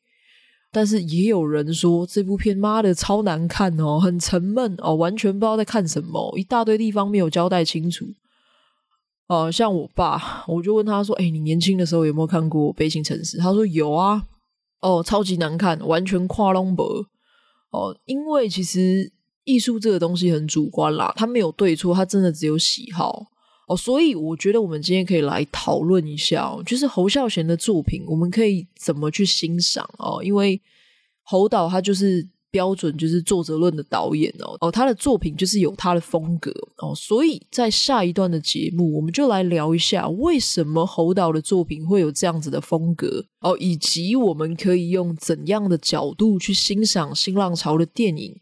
但是也有人說這部片媽的超難看哦，很沉悶哦，完全不知道在看什麼，一大堆地方沒有交代清楚。哦，像我爸，我就問他說：“誒、哎、你年輕的時候有沒有看過《悲情城市》？”他說：“有啊。”哦，超級難看，完全看攏無哦，因為其實藝術這個東西很主觀啦，它沒有對錯，它真的只有喜好哦，所以我覺得我們今天可以來討論一下，就是侯孝賢的作品，我們可以怎麼去欣賞哦，因為侯導他就是。標準就是作者論的導演哦，哦，他的作品就是有他的風格哦，所以在下一段的節目，我們就來聊一下為什麼侯導的作品會有這樣子的風格哦，以及我們可以用怎樣的角度去欣賞新浪潮的電影。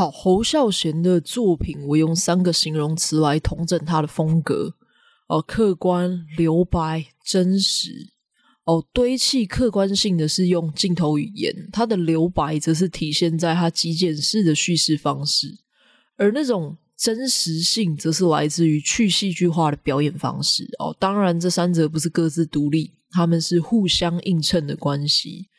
好，侯孝賢的作品，我用三個形容詞來統整他的風格：哦，客觀、留白、真實。哦，堆砌客觀性的是用鏡頭語言，他的留白則是體現在他極簡式的敘事方式，而那種真實性則是來自於去戲劇化的表演方式。哦，當然，這三者不是各自獨立，他們是互相映襯的關係。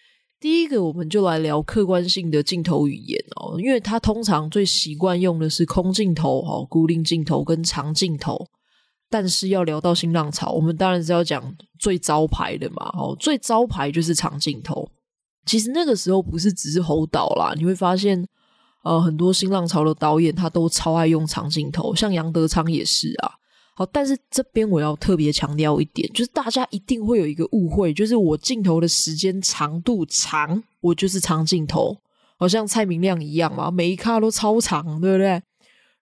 第一個，我們就來聊客觀性的鏡頭語言哦，因為他通常最習慣用的是空鏡頭、哦固定鏡頭跟長鏡頭。但是要聊到新浪潮，我們當然是要講最招牌的嘛，哦最招牌就是長鏡頭。其實那個時候不是只是侯導啦，你會發現，呃很多新浪潮的導演他都超愛用長鏡頭，像楊德昌也是啊。哦，但是這邊我要特別強調一點，就是大家一定會有一個誤會，就是我鏡頭的時間長度長，我就是長鏡頭，好像蔡明亮一樣嘛，每一卡都超長，對不對？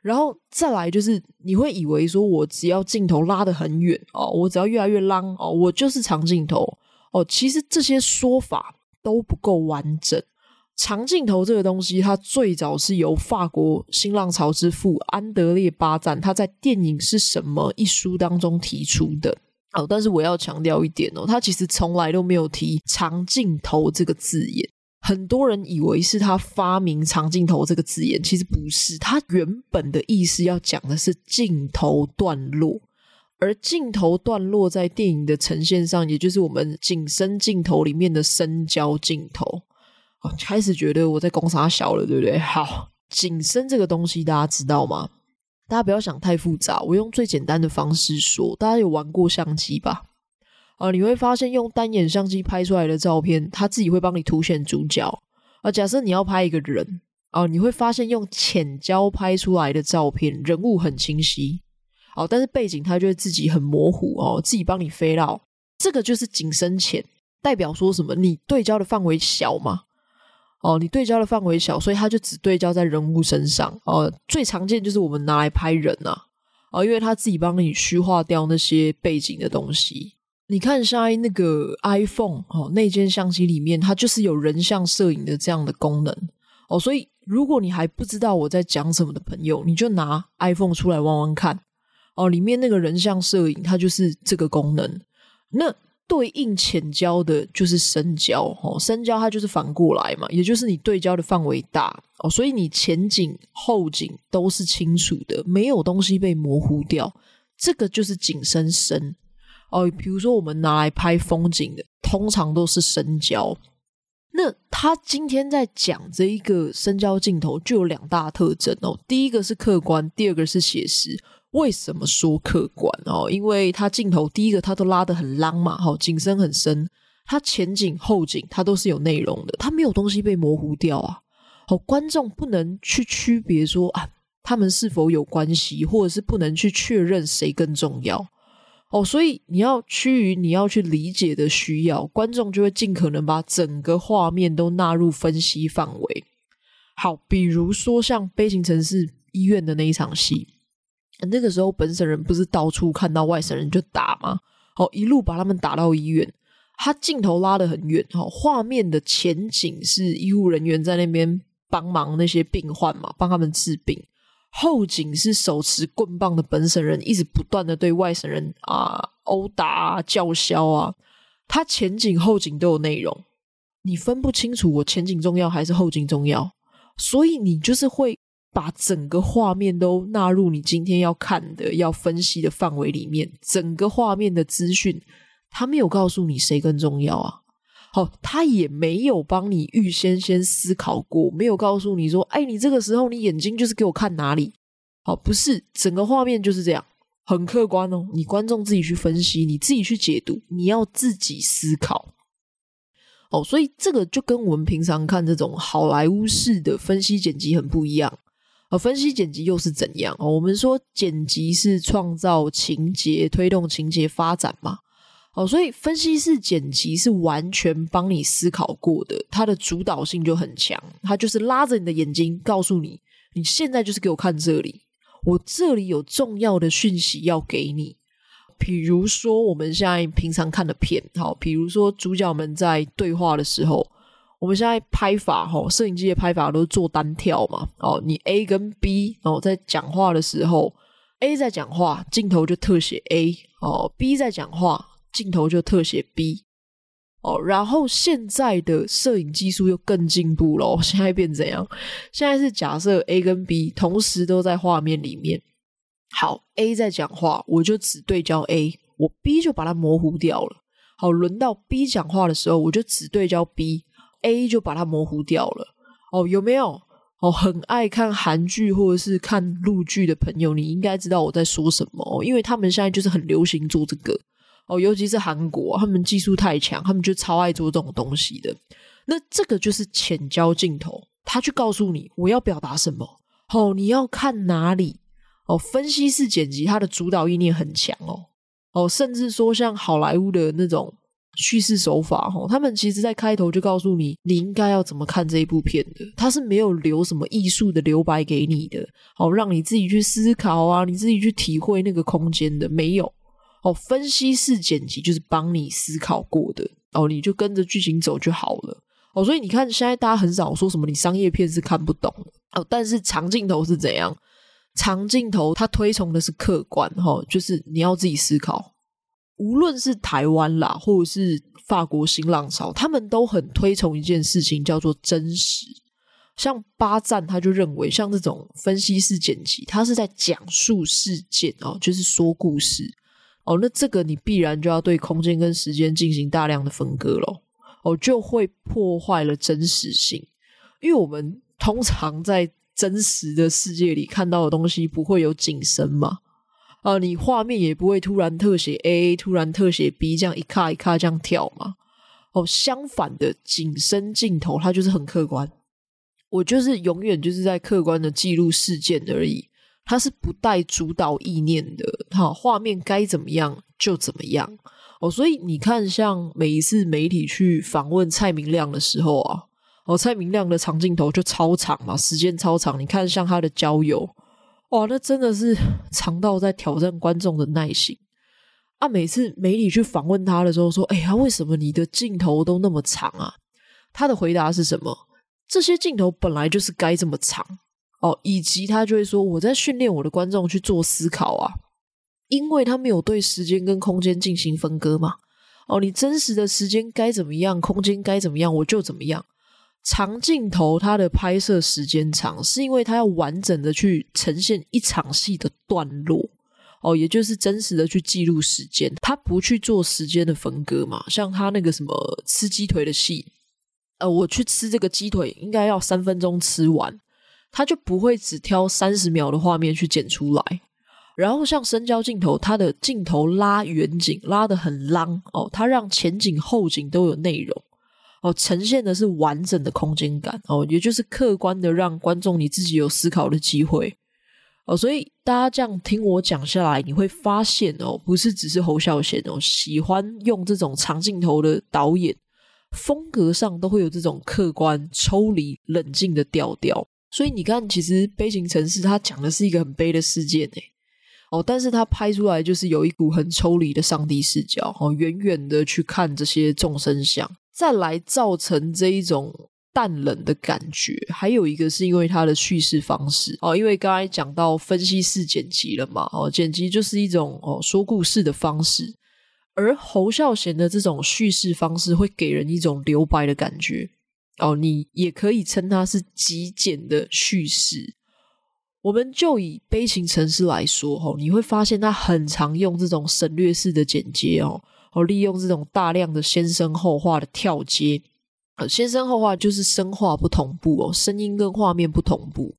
然後再來就是你會以為說我只要鏡頭拉得很遠哦，我只要越來越 long 哦，我就是長鏡頭哦，其實這些說法都不夠完整。長鏡頭這個東西，它最早是由法國新浪潮之父安德烈·巴贊他在《電影是什麼》一書當中提出的。哦，但是我要強調一點哦，他其實從來都沒有提“長鏡頭”這個字眼。很多人以為是他發明“長鏡頭”這個字眼，其實不是。他原本的意思要講的是鏡頭段落，而鏡頭段落在電影的呈現上，也就是我們景深鏡頭裡面的深焦鏡頭。開始覺得我在講三小了，對不對？好，景深這個東西大家知道嗎？大家不要想太複雜，我用最簡單的方式說，大家有玩過相機吧？啊，你會發現用單眼相機拍出來的照片，它自己會幫你凸顯主角啊。假設你要拍一個人啊，你會發現用淺焦拍出來的照片，人物很清晰哦，但是背景它就會自己很模糊哦，自己幫你飛掉。這個就是景深淺，代表說什麼？你對焦的範圍小嗎？哦，你對焦的範圍小，所以它就只對焦在人物身上。哦，最常見就是我們拿來拍人吶、啊。哦，因為它自己幫你虛化掉那些背景的東西。你看，現在那個 iPhone 哦，內建相機裡面，它就是有人像攝影的這樣的功能。哦，所以如果你還不知道我在講什麼的朋友，你就拿 iPhone 出來玩玩看。哦，裡面那個人像攝影，它就是這個功能。那。對應淺焦的就是深焦，哦、深焦它就是反過來嘛，也就是你對焦的範圍大、哦、所以你前景後景都是清楚的，沒有東西被模糊掉，這個就是景深深哦。比如說我們拿來拍風景的，通常都是深焦。那他今天在講這一個深焦鏡頭，就有兩大特徵哦，第一個是客觀，第二個是寫實。為什麼說客觀哦？因為他鏡頭第一個，他都拉的很 long 嘛，哈、哦，景深很深，他前景後景他都是有內容的，他沒有東西被模糊掉啊，好、哦，觀眾不能去區別說啊，他們是否有關係，或者是不能去確認誰更重要哦，所以你要趨於你要去理解的需要，觀眾就會盡可能把整個畫面都納入分析範圍。好，比如說像《悲情城市》醫院的那一場戲。那個時候，本省人不是到處看到外省人就打嗎？哦，一路把他們打到醫院。他鏡頭拉得很遠，哈，畫面的前景是醫護人員在那邊幫忙那些病患嘛，幫他們治病。後景是手持棍棒的本省人，一直不斷的對外省人啊、呃、毆打、叫囂啊。他前景後景都有內容，你分不清楚我前景重要還是後景重要，所以你就是會。把整個畫面都納入你今天要看的，要分析的範圍裡面，整個畫面的資訊，他沒有告訴你誰更重要啊。好，哦，他也沒有幫你預先先思考過，沒有告訴你說，哎，你這個時候你眼睛就是給我看哪裡？好，哦，不是整個畫面就是這樣，很客觀哦。你觀眾自己去分析，你自己去解讀，你要自己思考。哦，所以這個就跟我們平常看這種好萊塢式的分析剪輯很不一樣。啊，分析剪輯又是怎樣？哦，我們說剪輯是創造情節、推動情節發展嘛。好，所以分析式剪輯是完全幫你思考過的，它的主導性就很強。它就是拉着你的眼睛，告訴你，你現在就是給我看這裡，我這裡有重要的訊息要給你。比如說我們現在平常看的片，好，比如說主角們在對話的時候。我們現在拍法哈、哦，攝影機的拍法都是做單跳嘛。哦，你 A 跟 B，哦，在講話的時候，A 在講話，鏡頭就特寫 A 哦；B 在講話，鏡頭就特寫 B 哦。然後現在的攝影技術又更進步了，現在變怎樣？現在是假設 A 跟 B 同時都在畫面裡面。好，A 在講話，我就只對焦 A，我 B 就把它模糊掉了。好，輪到 B 講話的時候，我就只對焦 B。A 就把它模糊掉了哦，有沒有哦？很愛看韓劇或者是看陸劇的朋友，你應該知道我在說什麼，哦，因為他們現在就是很流行做這個哦，尤其是韓國，他們技術太強，他們就超愛做這種東西的。那這個就是淺焦鏡頭，他去告訴你我要表達什麼，哦，你要看哪裡，哦，分析式剪輯，它的主導意念很強哦，哦，甚至說像好萊塢的那種。敘事手法，哈，他們其實在開頭就告訴你，你應該要怎麼看這一部片的，他是沒有留什麼藝術的留白給你的，好讓你自己去思考啊，你自己去體會那個空間的，沒有，哦，分析式剪輯就是幫你思考過的，哦，你就跟着劇情走就好了，哦，所以你看現在大家很少說什麼你商業片是看不懂的，哦，但是長鏡頭是怎樣？長鏡頭他推崇的是客觀，哈，就是你要自己思考。無論是台灣啦，或者是法國新浪潮，他們都很推崇一件事情，叫做真實。像巴贊，他就認為，像這種分析式剪輯，他是在講述事件哦，就是說故事哦。那這個你必然就要對空間跟時間進行大量的分割嘍，哦，就會破壞了真實性。因為我們通常在真實的世界裡看到的東西，不會有景深嘛。啊，你畫面也不會突然特寫 A 突然特寫 B，這樣一卡一卡這樣跳嘛？哦，相反的，景深鏡頭它就是很客觀，我就是永遠就是在客觀的記錄事件而已，它是不帶主導意念的。好、啊，畫面該怎麼樣就怎麼樣。哦，所以你看，像每一次媒體去訪問蔡明亮的時候啊，哦，蔡明亮的長鏡頭就超長嘛，時間超長。你看，像他的郊遊。哇，那真的是長到在挑戰觀眾的耐心啊！每次媒體去訪問他的時候，說：“哎、欸、呀、啊，為什麼你的鏡頭都那麼長啊？”他的回答是什麼？這些鏡頭本來就是該這麼長哦，以及他就會說：“我在訓練我的觀眾去做思考啊，因為他沒有對時間跟空間進行分割嘛。哦，你真實的時間該怎麼樣，空間該怎麼樣，我就怎麼樣。”長鏡頭它的拍攝時間長，是因為它要完整的去呈現一場戲的段落，哦，也就是真實的去記錄時間，它不去做時間的分割嘛。像它那個什麼吃雞腿的戲，呃，我去吃這個雞腿應該要三分鐘吃完，他就不會只挑三十秒的畫面去剪出來。然後像深焦鏡頭，它的鏡頭拉遠景拉的很 long，哦，它讓前景後景都有內容。哦，呈現的是完整的空間感哦，也就是客觀的讓觀眾你自己有思考的機會哦，所以大家這樣聽我講下來，你會發現哦，不是只是侯孝賢哦，喜歡用這種長鏡頭的導演風格上都會有這種客觀、抽離、冷靜的調調。所以你看，其實《悲情城市》它講的是一個很悲的事件呢。哦，但是它拍出來就是有一股很抽離的上帝視角，哦，遠遠的去看這些眾生相。再來造成這一種淡冷的感覺，還有一個是因為他的敘事方式哦，因為剛才講到分析式剪輯了嘛哦，剪輯就是一種哦說故事的方式，而侯孝賢的這種敘事方式會給人一種留白的感覺哦，你也可以稱它是極簡的敘事。我們就以《悲情城市》來說哦，你會發現他很常用這種省略式的剪接哦。哦，利用這種大量的先聲後畫的跳接，先聲後畫就是聲畫不同步哦，聲音跟畫面不同步。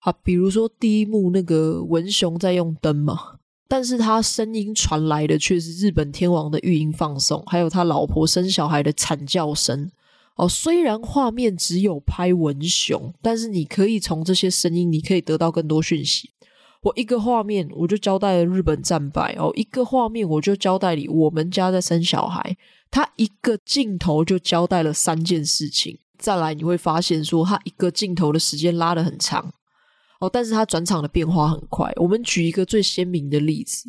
啊，比如說第一幕那個文雄在用燈嘛，但是他聲音傳來的卻是日本天王的玉音放送，還有他老婆生小孩的慘叫聲。哦，雖然畫面只有拍文雄，但是你可以從這些聲音，你可以得到更多訊息。我一個畫面我就交代了日本戰敗哦，一個畫面我就交代你我們家在生小孩，他一個鏡頭就交代了三件事情。再來你會發現說他一個鏡頭的時間拉得很長哦，但是他轉場的變化很快。我們舉一個最鮮明的例子，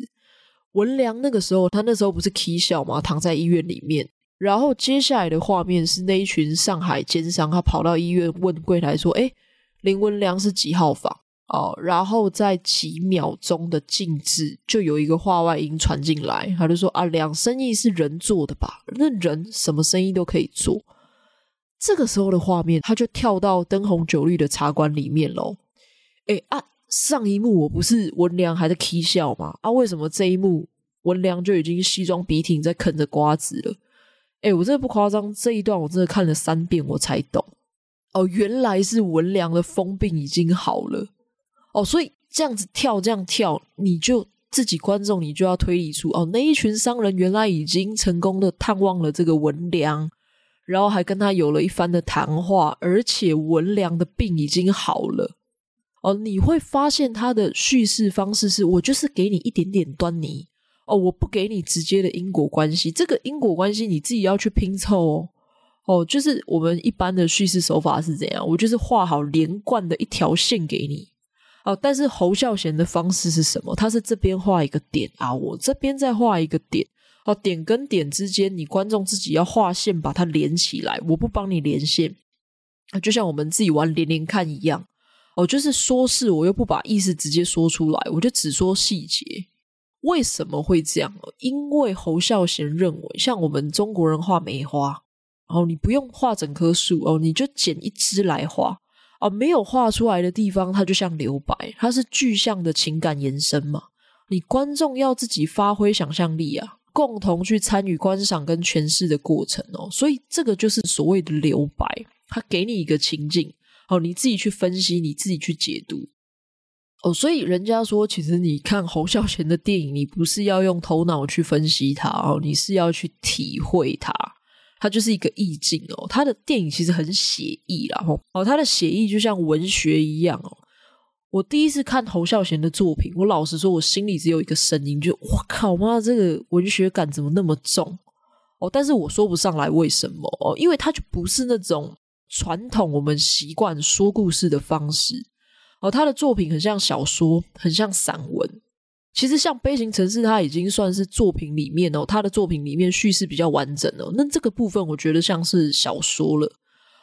文良那個時候他那時候不是 K 笑嗎？躺在醫院裡面，然後接下來的畫面是那一群上海奸商，他跑到醫院問櫃檯說：“誒、欸，林文良是幾號房？”哦，然後在幾秒鐘的靜止，就有一個話外音傳進來，他就說：“阿良，生意是人做的吧？那人什麼生意都可以做。”這個時候的畫面，他就跳到燈紅酒綠的茶館裡面嘍。哎啊，上一幕我不是文良還在哭笑嗎？啊，為什麼這一幕文良就已經西裝筆挺在啃着瓜子了？哎，我真的不誇張，這一段我真的看了三遍我才懂。哦，原來是文良的瘋病已經好了。哦，所以這樣子跳這樣跳，你就自己觀眾，你就要推理出哦，那一群商人原來已經成功的探望了這個文良，然後還跟他有了一番的談話，而且文良的病已經好了。哦，你會發現他的敘事方式是：我就是給你一點點端倪，哦，我不給你直接的因果關係，這個因果關係你自己要去拼湊哦。哦，就是我們一般的敘事手法是怎樣？我就是畫好連貫的一條線給你。哦，但是侯孝賢的方式是什麼？他是這邊畫一個點啊，我這邊再畫一個點。哦、啊，點跟點之間，你觀眾自己要畫線把它連起來，我不幫你連線。就像我們自己玩連連看一樣。哦，就是說是，我又不把意思直接說出來，我就只說細節。為什麼會這樣？因為侯孝賢認為，像我們中國人畫梅花，然、哦、後，你不用畫整棵樹哦，你就剪一枝來畫。而、哦、沒有畫出來的地方，它就像留白，它是具象的情感延伸嘛。你觀眾要自己發揮想象力啊，共同去參與觀賞跟詮釋的過程哦。所以這個就是所謂的留白，它給你一個情境，好、哦，你自己去分析，你自己去解讀。哦，所以人家說，其實你看侯孝賢的電影，你不是要用頭腦去分析它哦，你是要去體會它。它就是一個意境哦，他的電影其實很寫意啦吼，哦，他的寫意就像文學一樣哦。我第一次看侯孝賢的作品，我老實說，我心裡只有一個聲音就，就哇靠媽，這個文學感怎麼那麼重哦？但是我說不上來為什麼哦，因為他就不是那種傳統我們習慣說故事的方式哦，他的作品很像小說，很像散文。其實像《悲情城市》，它已經算是作品裡面哦，他的作品裡面敘事比較完整的哦。那這個部分我覺得像是小說了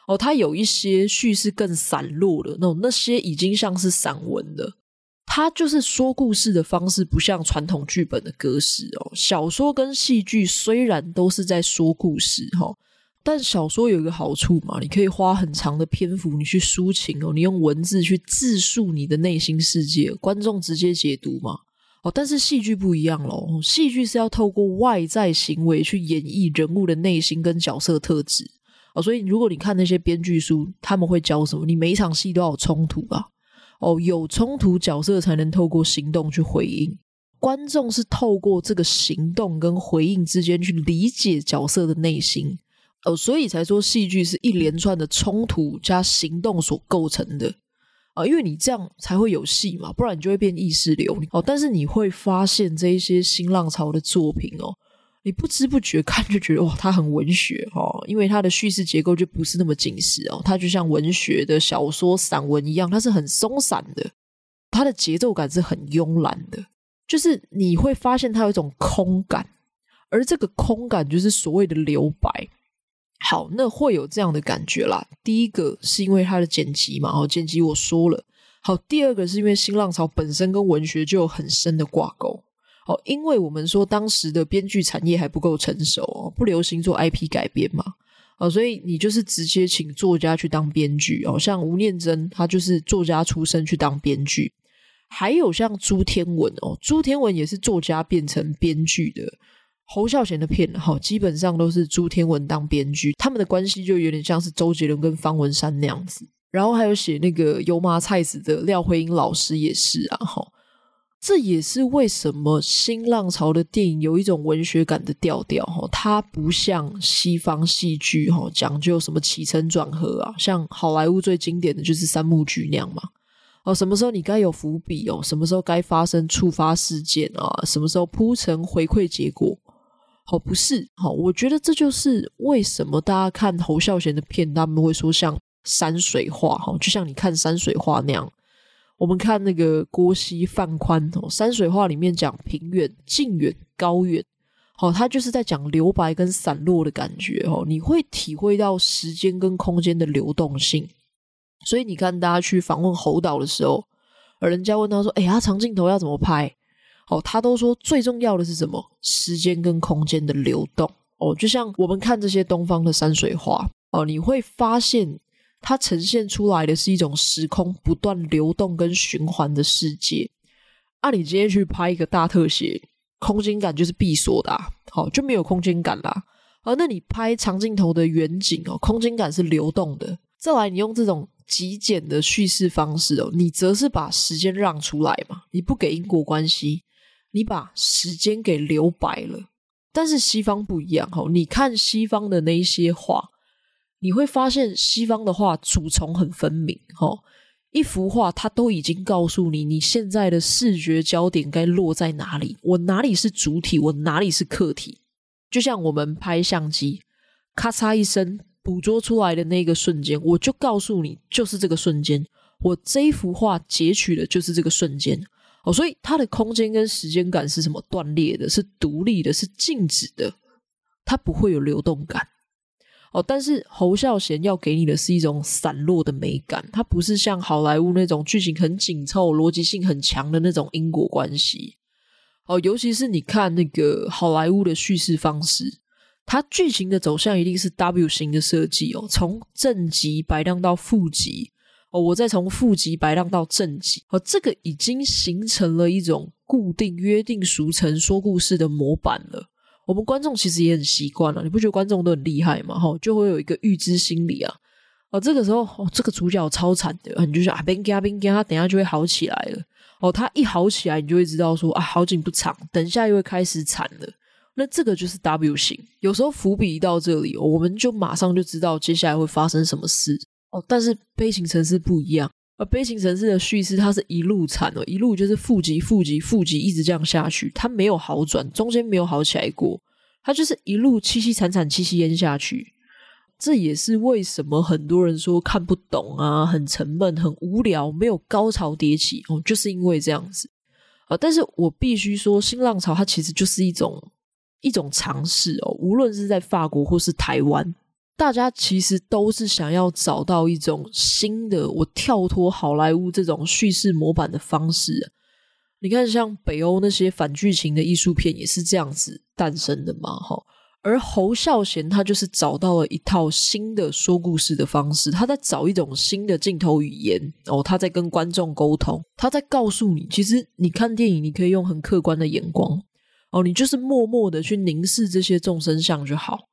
哦，他有一些敘事更散落了，那種那些已經像是散文了。他就是說故事的方式不像傳統劇本的格式哦。小說跟戲劇雖然都是在說故事哦，但小說有一個好處嘛，你可以花很長的篇幅你去抒情哦，你用文字去自述你的內心世界，觀眾直接解讀嘛。哦，但是戲劇不一樣嘍。戲劇是要透過外在行為去演繹人物的內心跟角色特質。哦，所以，如果你看那些編劇書，他們會教什麼？你每一場戲都要有衝突吧？哦，有衝突，角色才能透過行動去回應。觀眾是透過這個行動跟回應之間去理解角色的內心。哦，所以才說，戲劇是一連串的衝突加行動所構成的。啊，因為你這樣才會有戲嘛，不然你就會變意識流哦。但是你會發現這一些新浪潮的作品哦，你不知不覺看就覺得哇，它很文學哈、哦，因為它的敘事結構就不是那麼緊實哦，它就像文學的小說、散文一樣，它是很鬆散的，它的節奏感是很慵懶的，就是你會發現它有一種空感，而這個空感就是所謂的留白。好，那會有這樣的感覺啦。第一個是因為他的剪輯嘛，剪輯我說了。好，第二個是因為新浪潮本身跟文學就有很深的掛鈎。哦，因為我們說當時的編劇產業還不夠成熟，哦，不流行做 IP 改編嘛。好，所以你就是直接請作家去當編劇。哦，像吳念真，他就是作家出身去當編劇。還有像朱天文，哦，朱天文也是作家變成編劇的。侯孝賢的片哈、哦，基本上都是朱天文當編劇，他們的關係就有點像是周杰倫跟方文山那樣子。然後還有寫那個油麻菜籽的廖輝英老師也是啊哈、哦。這也是為什麼新浪潮的電影有一種文學感的調調哈。它不像西方戲劇哈，哦，講究什麼起承轉合啊，像好萊塢最經典的就是三幕劇那樣嘛。哦，什麼時候你該有伏筆哦？什麼時候該發生觸發事件啊、哦？什麼時候鋪陳回饋結果？好、哦，不是好、哦，我覺得這就是為什麼大家看侯孝賢的片，他們會說像山水畫，哈、哦，就像你看山水畫那樣。我們看那個郭熙、范寬，哦，山水畫裡面講平遠、近遠、高遠，好、哦，他就是在講留白跟散落的感覺，哦，你會體會到時間跟空間的流動性。所以你看，大家去訪問侯導的時候，而人家問他說：“哎呀，長鏡頭要怎麼拍？”哦，他都說最重要的是什麼？時間跟空間的流動哦，就像我們看這些東方的山水畫哦，你會發現它呈現出來的是一種時空不斷流動跟循環的世界。啊，你直接去拍一個大特寫，空間感就是閉鎖的、啊，好、哦、就沒有空間感啦。而那你拍長鏡頭的遠景哦，空間感是流動的。再來，你用這種極簡的敘事方式哦，你則是把時間讓出來嘛，你不給因果關係。你把時間給留白了，但是西方不一樣吼。你看西方的那一些畫，你會發現西方的畫主從很分明哦。一幅畫，它都已經告訴你你現在的視覺焦點該落在哪裡，我哪裡是主體，我哪裡是客體。就像我們拍相機，咔嚓一聲捕捉出來的那個瞬間，我就告訴你就是這個瞬間。我這一幅畫截取的就是這個瞬間。哦，所以它的空間跟時間感是什麼？斷裂的，是獨立的，是靜止的，它不會有流動感。哦，但是侯孝賢要給你的是一種散落的美感，它不是像好萊塢那種劇情很緊湊、邏輯性很強的那種因果關係。哦，尤其是你看那個好萊塢的敘事方式，它劇情的走向一定是 W 型的設計哦，從正極擺盪到負極。哦，我再從負極白浪到正極，哦，這個已經形成了一種固定約定俗成說故事的模板了。我們觀眾其實也很習慣了、啊，你不覺得觀眾都很厲害嗎？哈、哦，就會有一個預知心理啊。哦，這個時候，哦、這個主角超慘的，你就想啊，Benjamin，他等一下就會好起來了。哦，他一好起來，你就會知道說啊，好景不長，等下又會開始慘了。那這個就是 W 型，有時候伏筆一到這裡、哦，我們就馬上就知道接下來會發生什麼事。哦，但是悲情城市不一樣，而悲情城市的敘事它是一路慘哦，一路就是負極、負極、負極，一直這樣下去，它沒有好轉，中間沒有好起來過，它就是一路淒淒慘慘、戚戚嚥下去。這也是為什麼很多人說看不懂啊，很沉悶、很無聊，沒有高潮迭起哦，就是因為這樣子啊、哦。但是我必須說，新浪潮它其實就是一種一種嘗試哦，無論是在法國或是台灣。大家其實都是想要找到一種新的，我跳脫好萊塢這種敘事模板的方式。你看，像北歐那些反劇情的藝術片也是這樣子誕生的嘛？哈、哦，而侯孝賢他就是找到了一套新的說故事的方式，他在找一種新的鏡頭語言哦，他在跟觀眾溝通，他在告訴你，其實你看電影，你可以用很客觀的眼光哦，你就是默默的去凝視這些眾生相就好。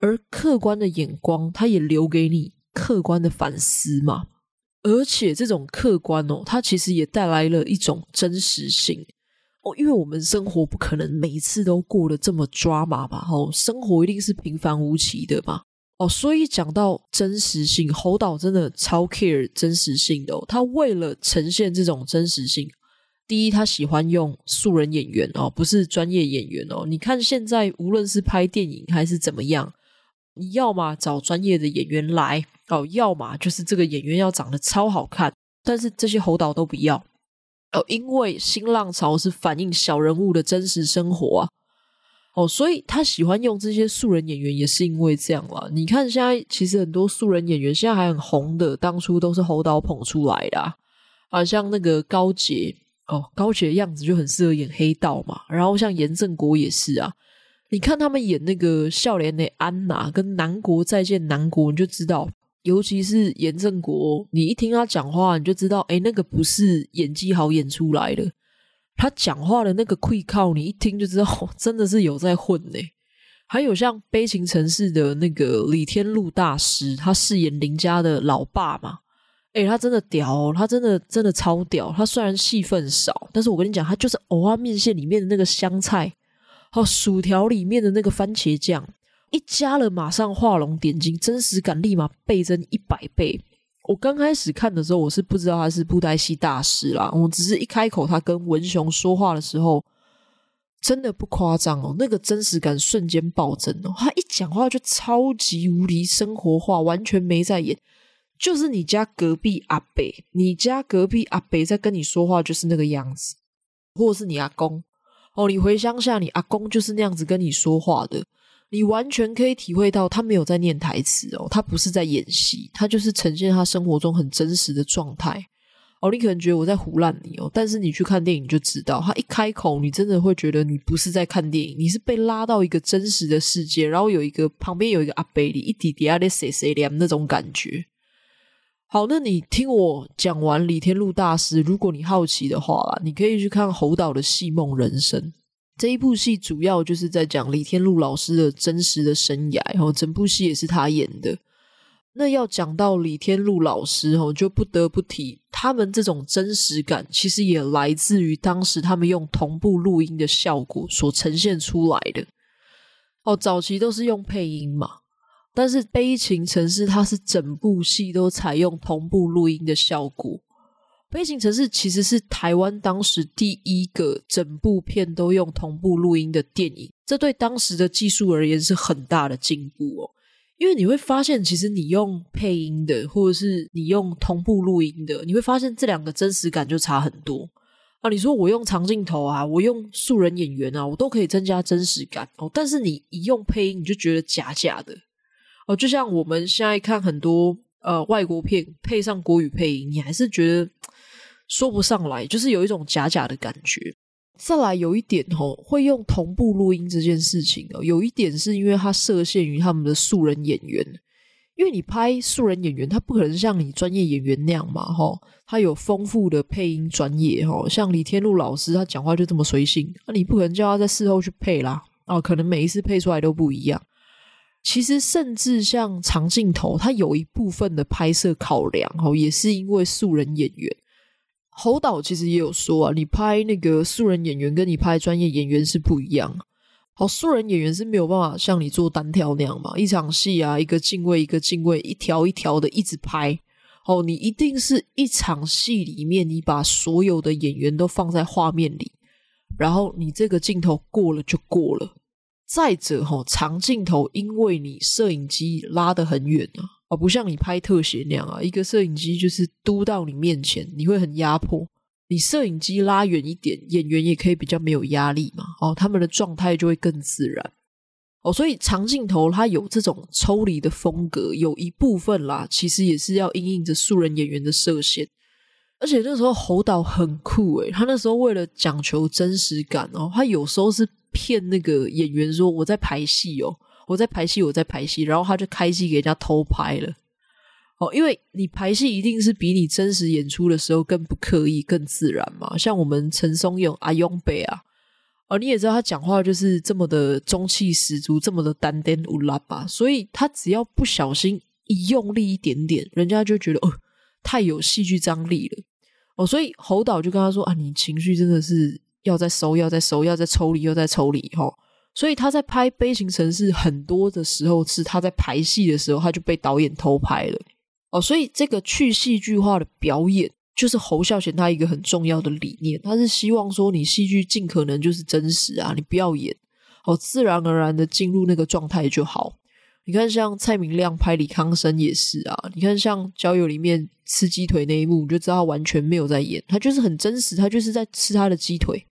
而客觀的眼光，它也留給你客觀的反思嘛。而且這種客觀哦，它其實也帶來了一種真實性哦，因為我們生活不可能每次都過得這麼抓馬吧？哦，生活一定是平凡無奇的吧？哦，所以講到真實性，侯導真的超 care 真實性的哦。他為了呈現這種真實性，第一，他喜歡用素人演員哦，不是專業演員哦。你看現在，無論是拍電影還是怎麼樣。你要嘛找專業的演員來哦，要嘛就是這個演員要長得超好看，但是這些侯導都不要哦，因為新浪潮是反映小人物的真實生活啊，哦，所以他喜歡用這些素人演員也是因為這樣啦。你看現在其實很多素人演員現在還很紅的，當初都是侯導捧出來的啊，啊像那個高捷哦，高捷的樣子就很適合演黑道嘛，然後像顏正國也是啊。你看他們演那個少年吔安啦，跟南國再見南國你就知道，尤其是顏正國，你一聽他講話你就知道，誒那個不是演技好演出來的，他講話的那個氣口你一聽就知道，哦、真的是有在混誒。還有像悲情城市的那個李天祿大師，他飾演林家的老爸嘛，誒他真的屌哦，他真的真的超屌。他雖然戲份少，但是我跟你講他就是蚵仔麵線裡面的那個香菜好，薯條裡面的那個番茄醬一加了，馬上畫龍點睛，真實感立馬倍增一百倍。我剛開始看的時候，我是不知道他是布袋戲大師啦，我只是一開口，他跟文雄說話的時候，真的不誇張哦，那個真實感瞬間暴增哦。他一講話就超級無敵生活化，完全沒在演，就是你家隔壁阿北，你家隔壁阿北在跟你說話就是那個樣子，或者是你阿公。哦，你回鄉下，你阿公就是那樣子跟你說話的，你完全可以體會到他沒有在念台詞哦，他不是在演戲，他就是呈現他生活中很真實的狀態。哦，你可能覺得我在唬爛你哦，但是你去看電影就知道，他一開口，你真的會覺得你不是在看電影，你是被拉到一個真實的世界，然後有一個旁邊有一個阿伯一滴一的在水水里那種感覺。好，那你聽我講完李天祿大師，如果你好奇的話啦，你可以去看侯導的《戲夢人生》這一部戲，主要就是在講李天祿老師的真實的生涯，然後整部戲也是他演的。那要講到李天祿老師，哦，就不得不提他們這種真實感，其實也來自於當時他們用同步錄音的效果所呈現出來的。哦，早期都是用配音嘛。但是《悲情城市》它是整部戲都採用同步錄音的效果，《悲情城市》其實是台灣當時第一個整部片都用同步錄音的電影，這對當時的技術而言是很大的進步哦。因為你會發現，其實你用配音的，或者是你用同步錄音的，你會發現這兩個真實感就差很多啊。你說我用長鏡頭啊，我用素人演員啊，我都可以增加真實感哦，但是你一用配音，你就覺得假假的。哦，就像我們現在看很多呃外國片配上國語配音，你還是覺得說不上來，就是有一種假假的感覺。再來有一點哦，會用同步錄音這件事情哦，有一點是因為它設限於他們的素人演員，因為你拍素人演員，他不可能像你專業演員那樣嘛，哈、哦，他有豐富的配音專業，哈、哦，像李天祿老師他講話就這麼隨性，那、啊、你不可能叫他在事後去配啦，哦，可能每一次配出來都不一樣。其實，甚至像長鏡頭，它有一部分的拍攝考量，哦，也是因為素人演員。侯導其實也有說啊，你拍那個素人演員，跟你拍專業演員是不一樣。好，素人演員是沒有辦法像你做單挑那樣嘛，一場戲啊，一個鏡位一個鏡位，一條一條的一直拍。哦，你一定是一場戲裡面，你把所有的演員都放在畫面裡，然後你這個鏡頭過了就過了。再者，吼長鏡頭，因為你攝影機拉得很遠啊，哦，不像你拍特寫那樣啊，一個攝影機就是嘟到你面前，你會很壓迫。你攝影機拉遠一點，演員也可以比較沒有壓力嘛，哦，他們的狀態就會更自然。哦，所以長鏡頭它有這種抽離的風格，有一部分啦，其實也是要因應着素人演員的設限。而且那時候侯導很酷誒、欸，他那時候為了講求真實感哦，他有時候是。騙那個演員說，我在排戲哦，我在排戲，我在排戲，然後他就開機給人家偷拍了哦，因為你排戲一定是比你真實演出的時候更不刻意、更自然嘛。像我們陳松勇阿勇伯啊，哦，你也知道他講話就是這麼的中氣十足，這麼的單單無拉吧，所以他只要不小心一用力一點點，人家就覺得哦、呃，太有戲劇張力了哦，所以侯導就跟他說啊，你情緒真的是。要再收，要再收，要再抽離，又再抽離，後、哦。所以他在拍《悲情城市》很多的時候，是他在排戲的時候，他就被導演偷拍了哦。所以這個去戲劇化的表演，就是侯孝賢他一個很重要的理念，他是希望說，你戲劇盡可能就是真實啊，你不要演哦，自然而然的進入那個狀態就好。你看，像蔡明亮拍李康生也是啊，你看像《郊遊》裡面吃雞腿那一幕，你就知道他完全沒有在演，他就是很真實，他就是在吃他的雞腿。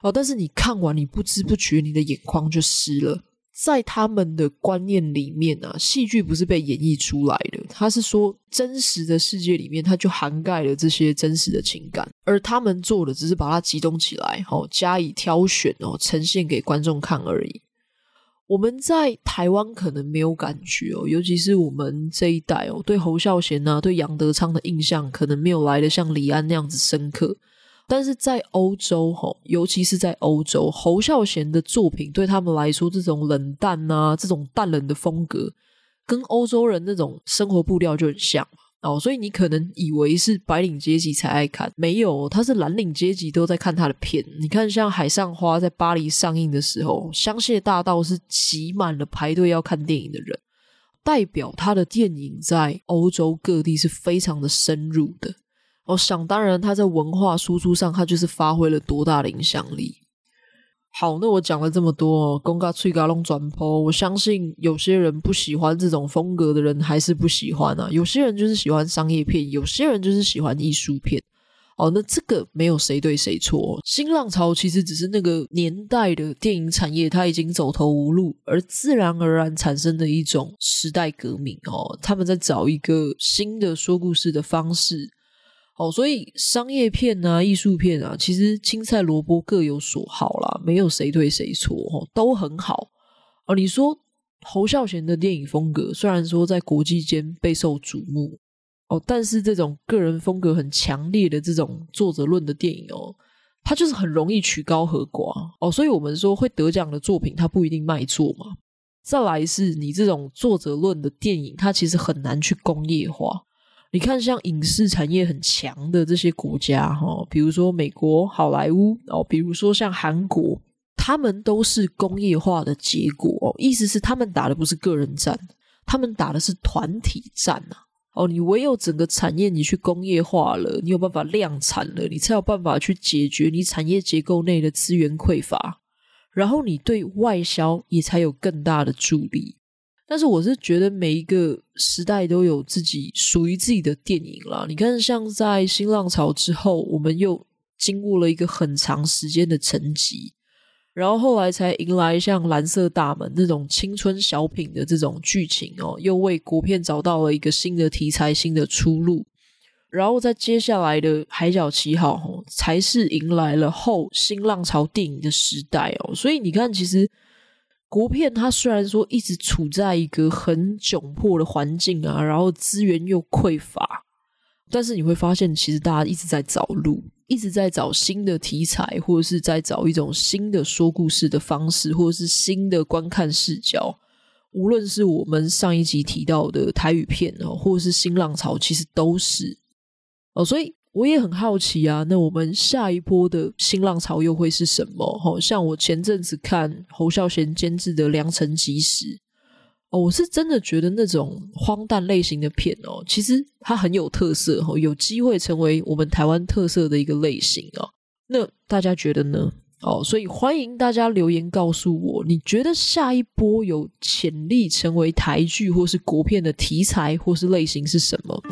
好，哦，但是你看完，你不知不覺你的眼眶就濕了。在他們的觀念裡面啊，戲劇不是被演繹出來的，他是說真實的世界裡面，他就涵蓋了這些真實的情感，而他們做的只是把它集中起來，哦，加以挑選哦，呈現給觀眾看而已。我們在台灣可能沒有感覺哦，尤其是我們這一代哦，對侯孝賢啊，對楊德昌的印象可能沒有來得像李安那樣子深刻。但是在歐洲，哈，尤其是在歐洲，侯孝賢的作品對他們來說，這種冷淡啊，這種淡冷的風格，跟歐洲人那種生活步調就很像哦。所以你可能以為是白領階級才愛看，沒有，他是藍領階級都在看他的片。你看，像《海上花》在巴黎上映的時候，香榭大道是擠滿了排隊要看電影的人，代表他的電影在歐洲各地是非常的深入的。我、哦、想當然，他在文化輸出上，他就是發揮了多大的影響力。好，那我講了這麼多、哦，講甲喙角全泡，我相信有些人不喜歡這種風格的人還是不喜歡啊。有些人就是喜歡商業片，有些人就是喜歡藝術片。哦，那這個沒有誰對誰錯、哦。新浪潮其實只是那個年代的電影產業，他已經走投無路，而自然而然產生的一種時代革命。哦，他們在找一個新的說故事的方式。哦，所以商業片啊、藝術片啊，其實青菜蘿蔔各有所好啦，沒有誰對誰錯哦，都很好。哦，你說侯孝賢的電影風格，雖然說在國際間備受矚目，哦，但是這種個人風格很強烈的這種作者論的電影哦，它就是很容易曲高和寡哦。所以我們說會得獎的作品，它不一定賣座嘛。再來是你這種作者論的電影，它其實很難去工業化。你看，像影視產業很強的這些國家，哈，比如說美國好萊塢哦，比如說像韓國，他們都是工業化的結果哦，意思是，他們打的不是個人戰，他們打的是團體戰吶。哦，你唯有整個產業你去工業化了，你有辦法量產了，你才有辦法去解決你產業結構內的資源匱乏，然後你對外銷也才有更大的助力。但是我是覺得每一個時代都有自己屬於自己的電影啦，你看，像在新浪潮之後，我們又經過了一個很長時間的沉寂，然後後來才迎來像《藍色大門》那種青春小品的這種劇情哦，又為國片找到了一個新的題材、新的出路。然後在接下來的《海角七號》哦才是迎來了後新浪潮電影的時代哦。所以你看，其實。國片它雖然說一直處在一個很窘迫的環境啊，然後資源又匱乏，但是你會發現，其實大家一直在找路，一直在找新的題材，或者是在找一種新的說故事的方式，或者是新的觀看視角。無論是我們上一集提到的台語片哦，或者是新浪潮，其實都是哦，所以。我也很好奇啊，那我們下一波的新浪潮又會是什麼？像我前陣子看侯孝賢監制的《良辰吉時》，哦，我是真的覺得那種荒誕類型的片哦，其實它很有特色，有機會成為我們台灣特色的一個類型啊。那大家覺得呢？哦，所以歡迎大家留言告訴我，你覺得下一波有潛力成為台劇或是國片的題材或是類型是什麼？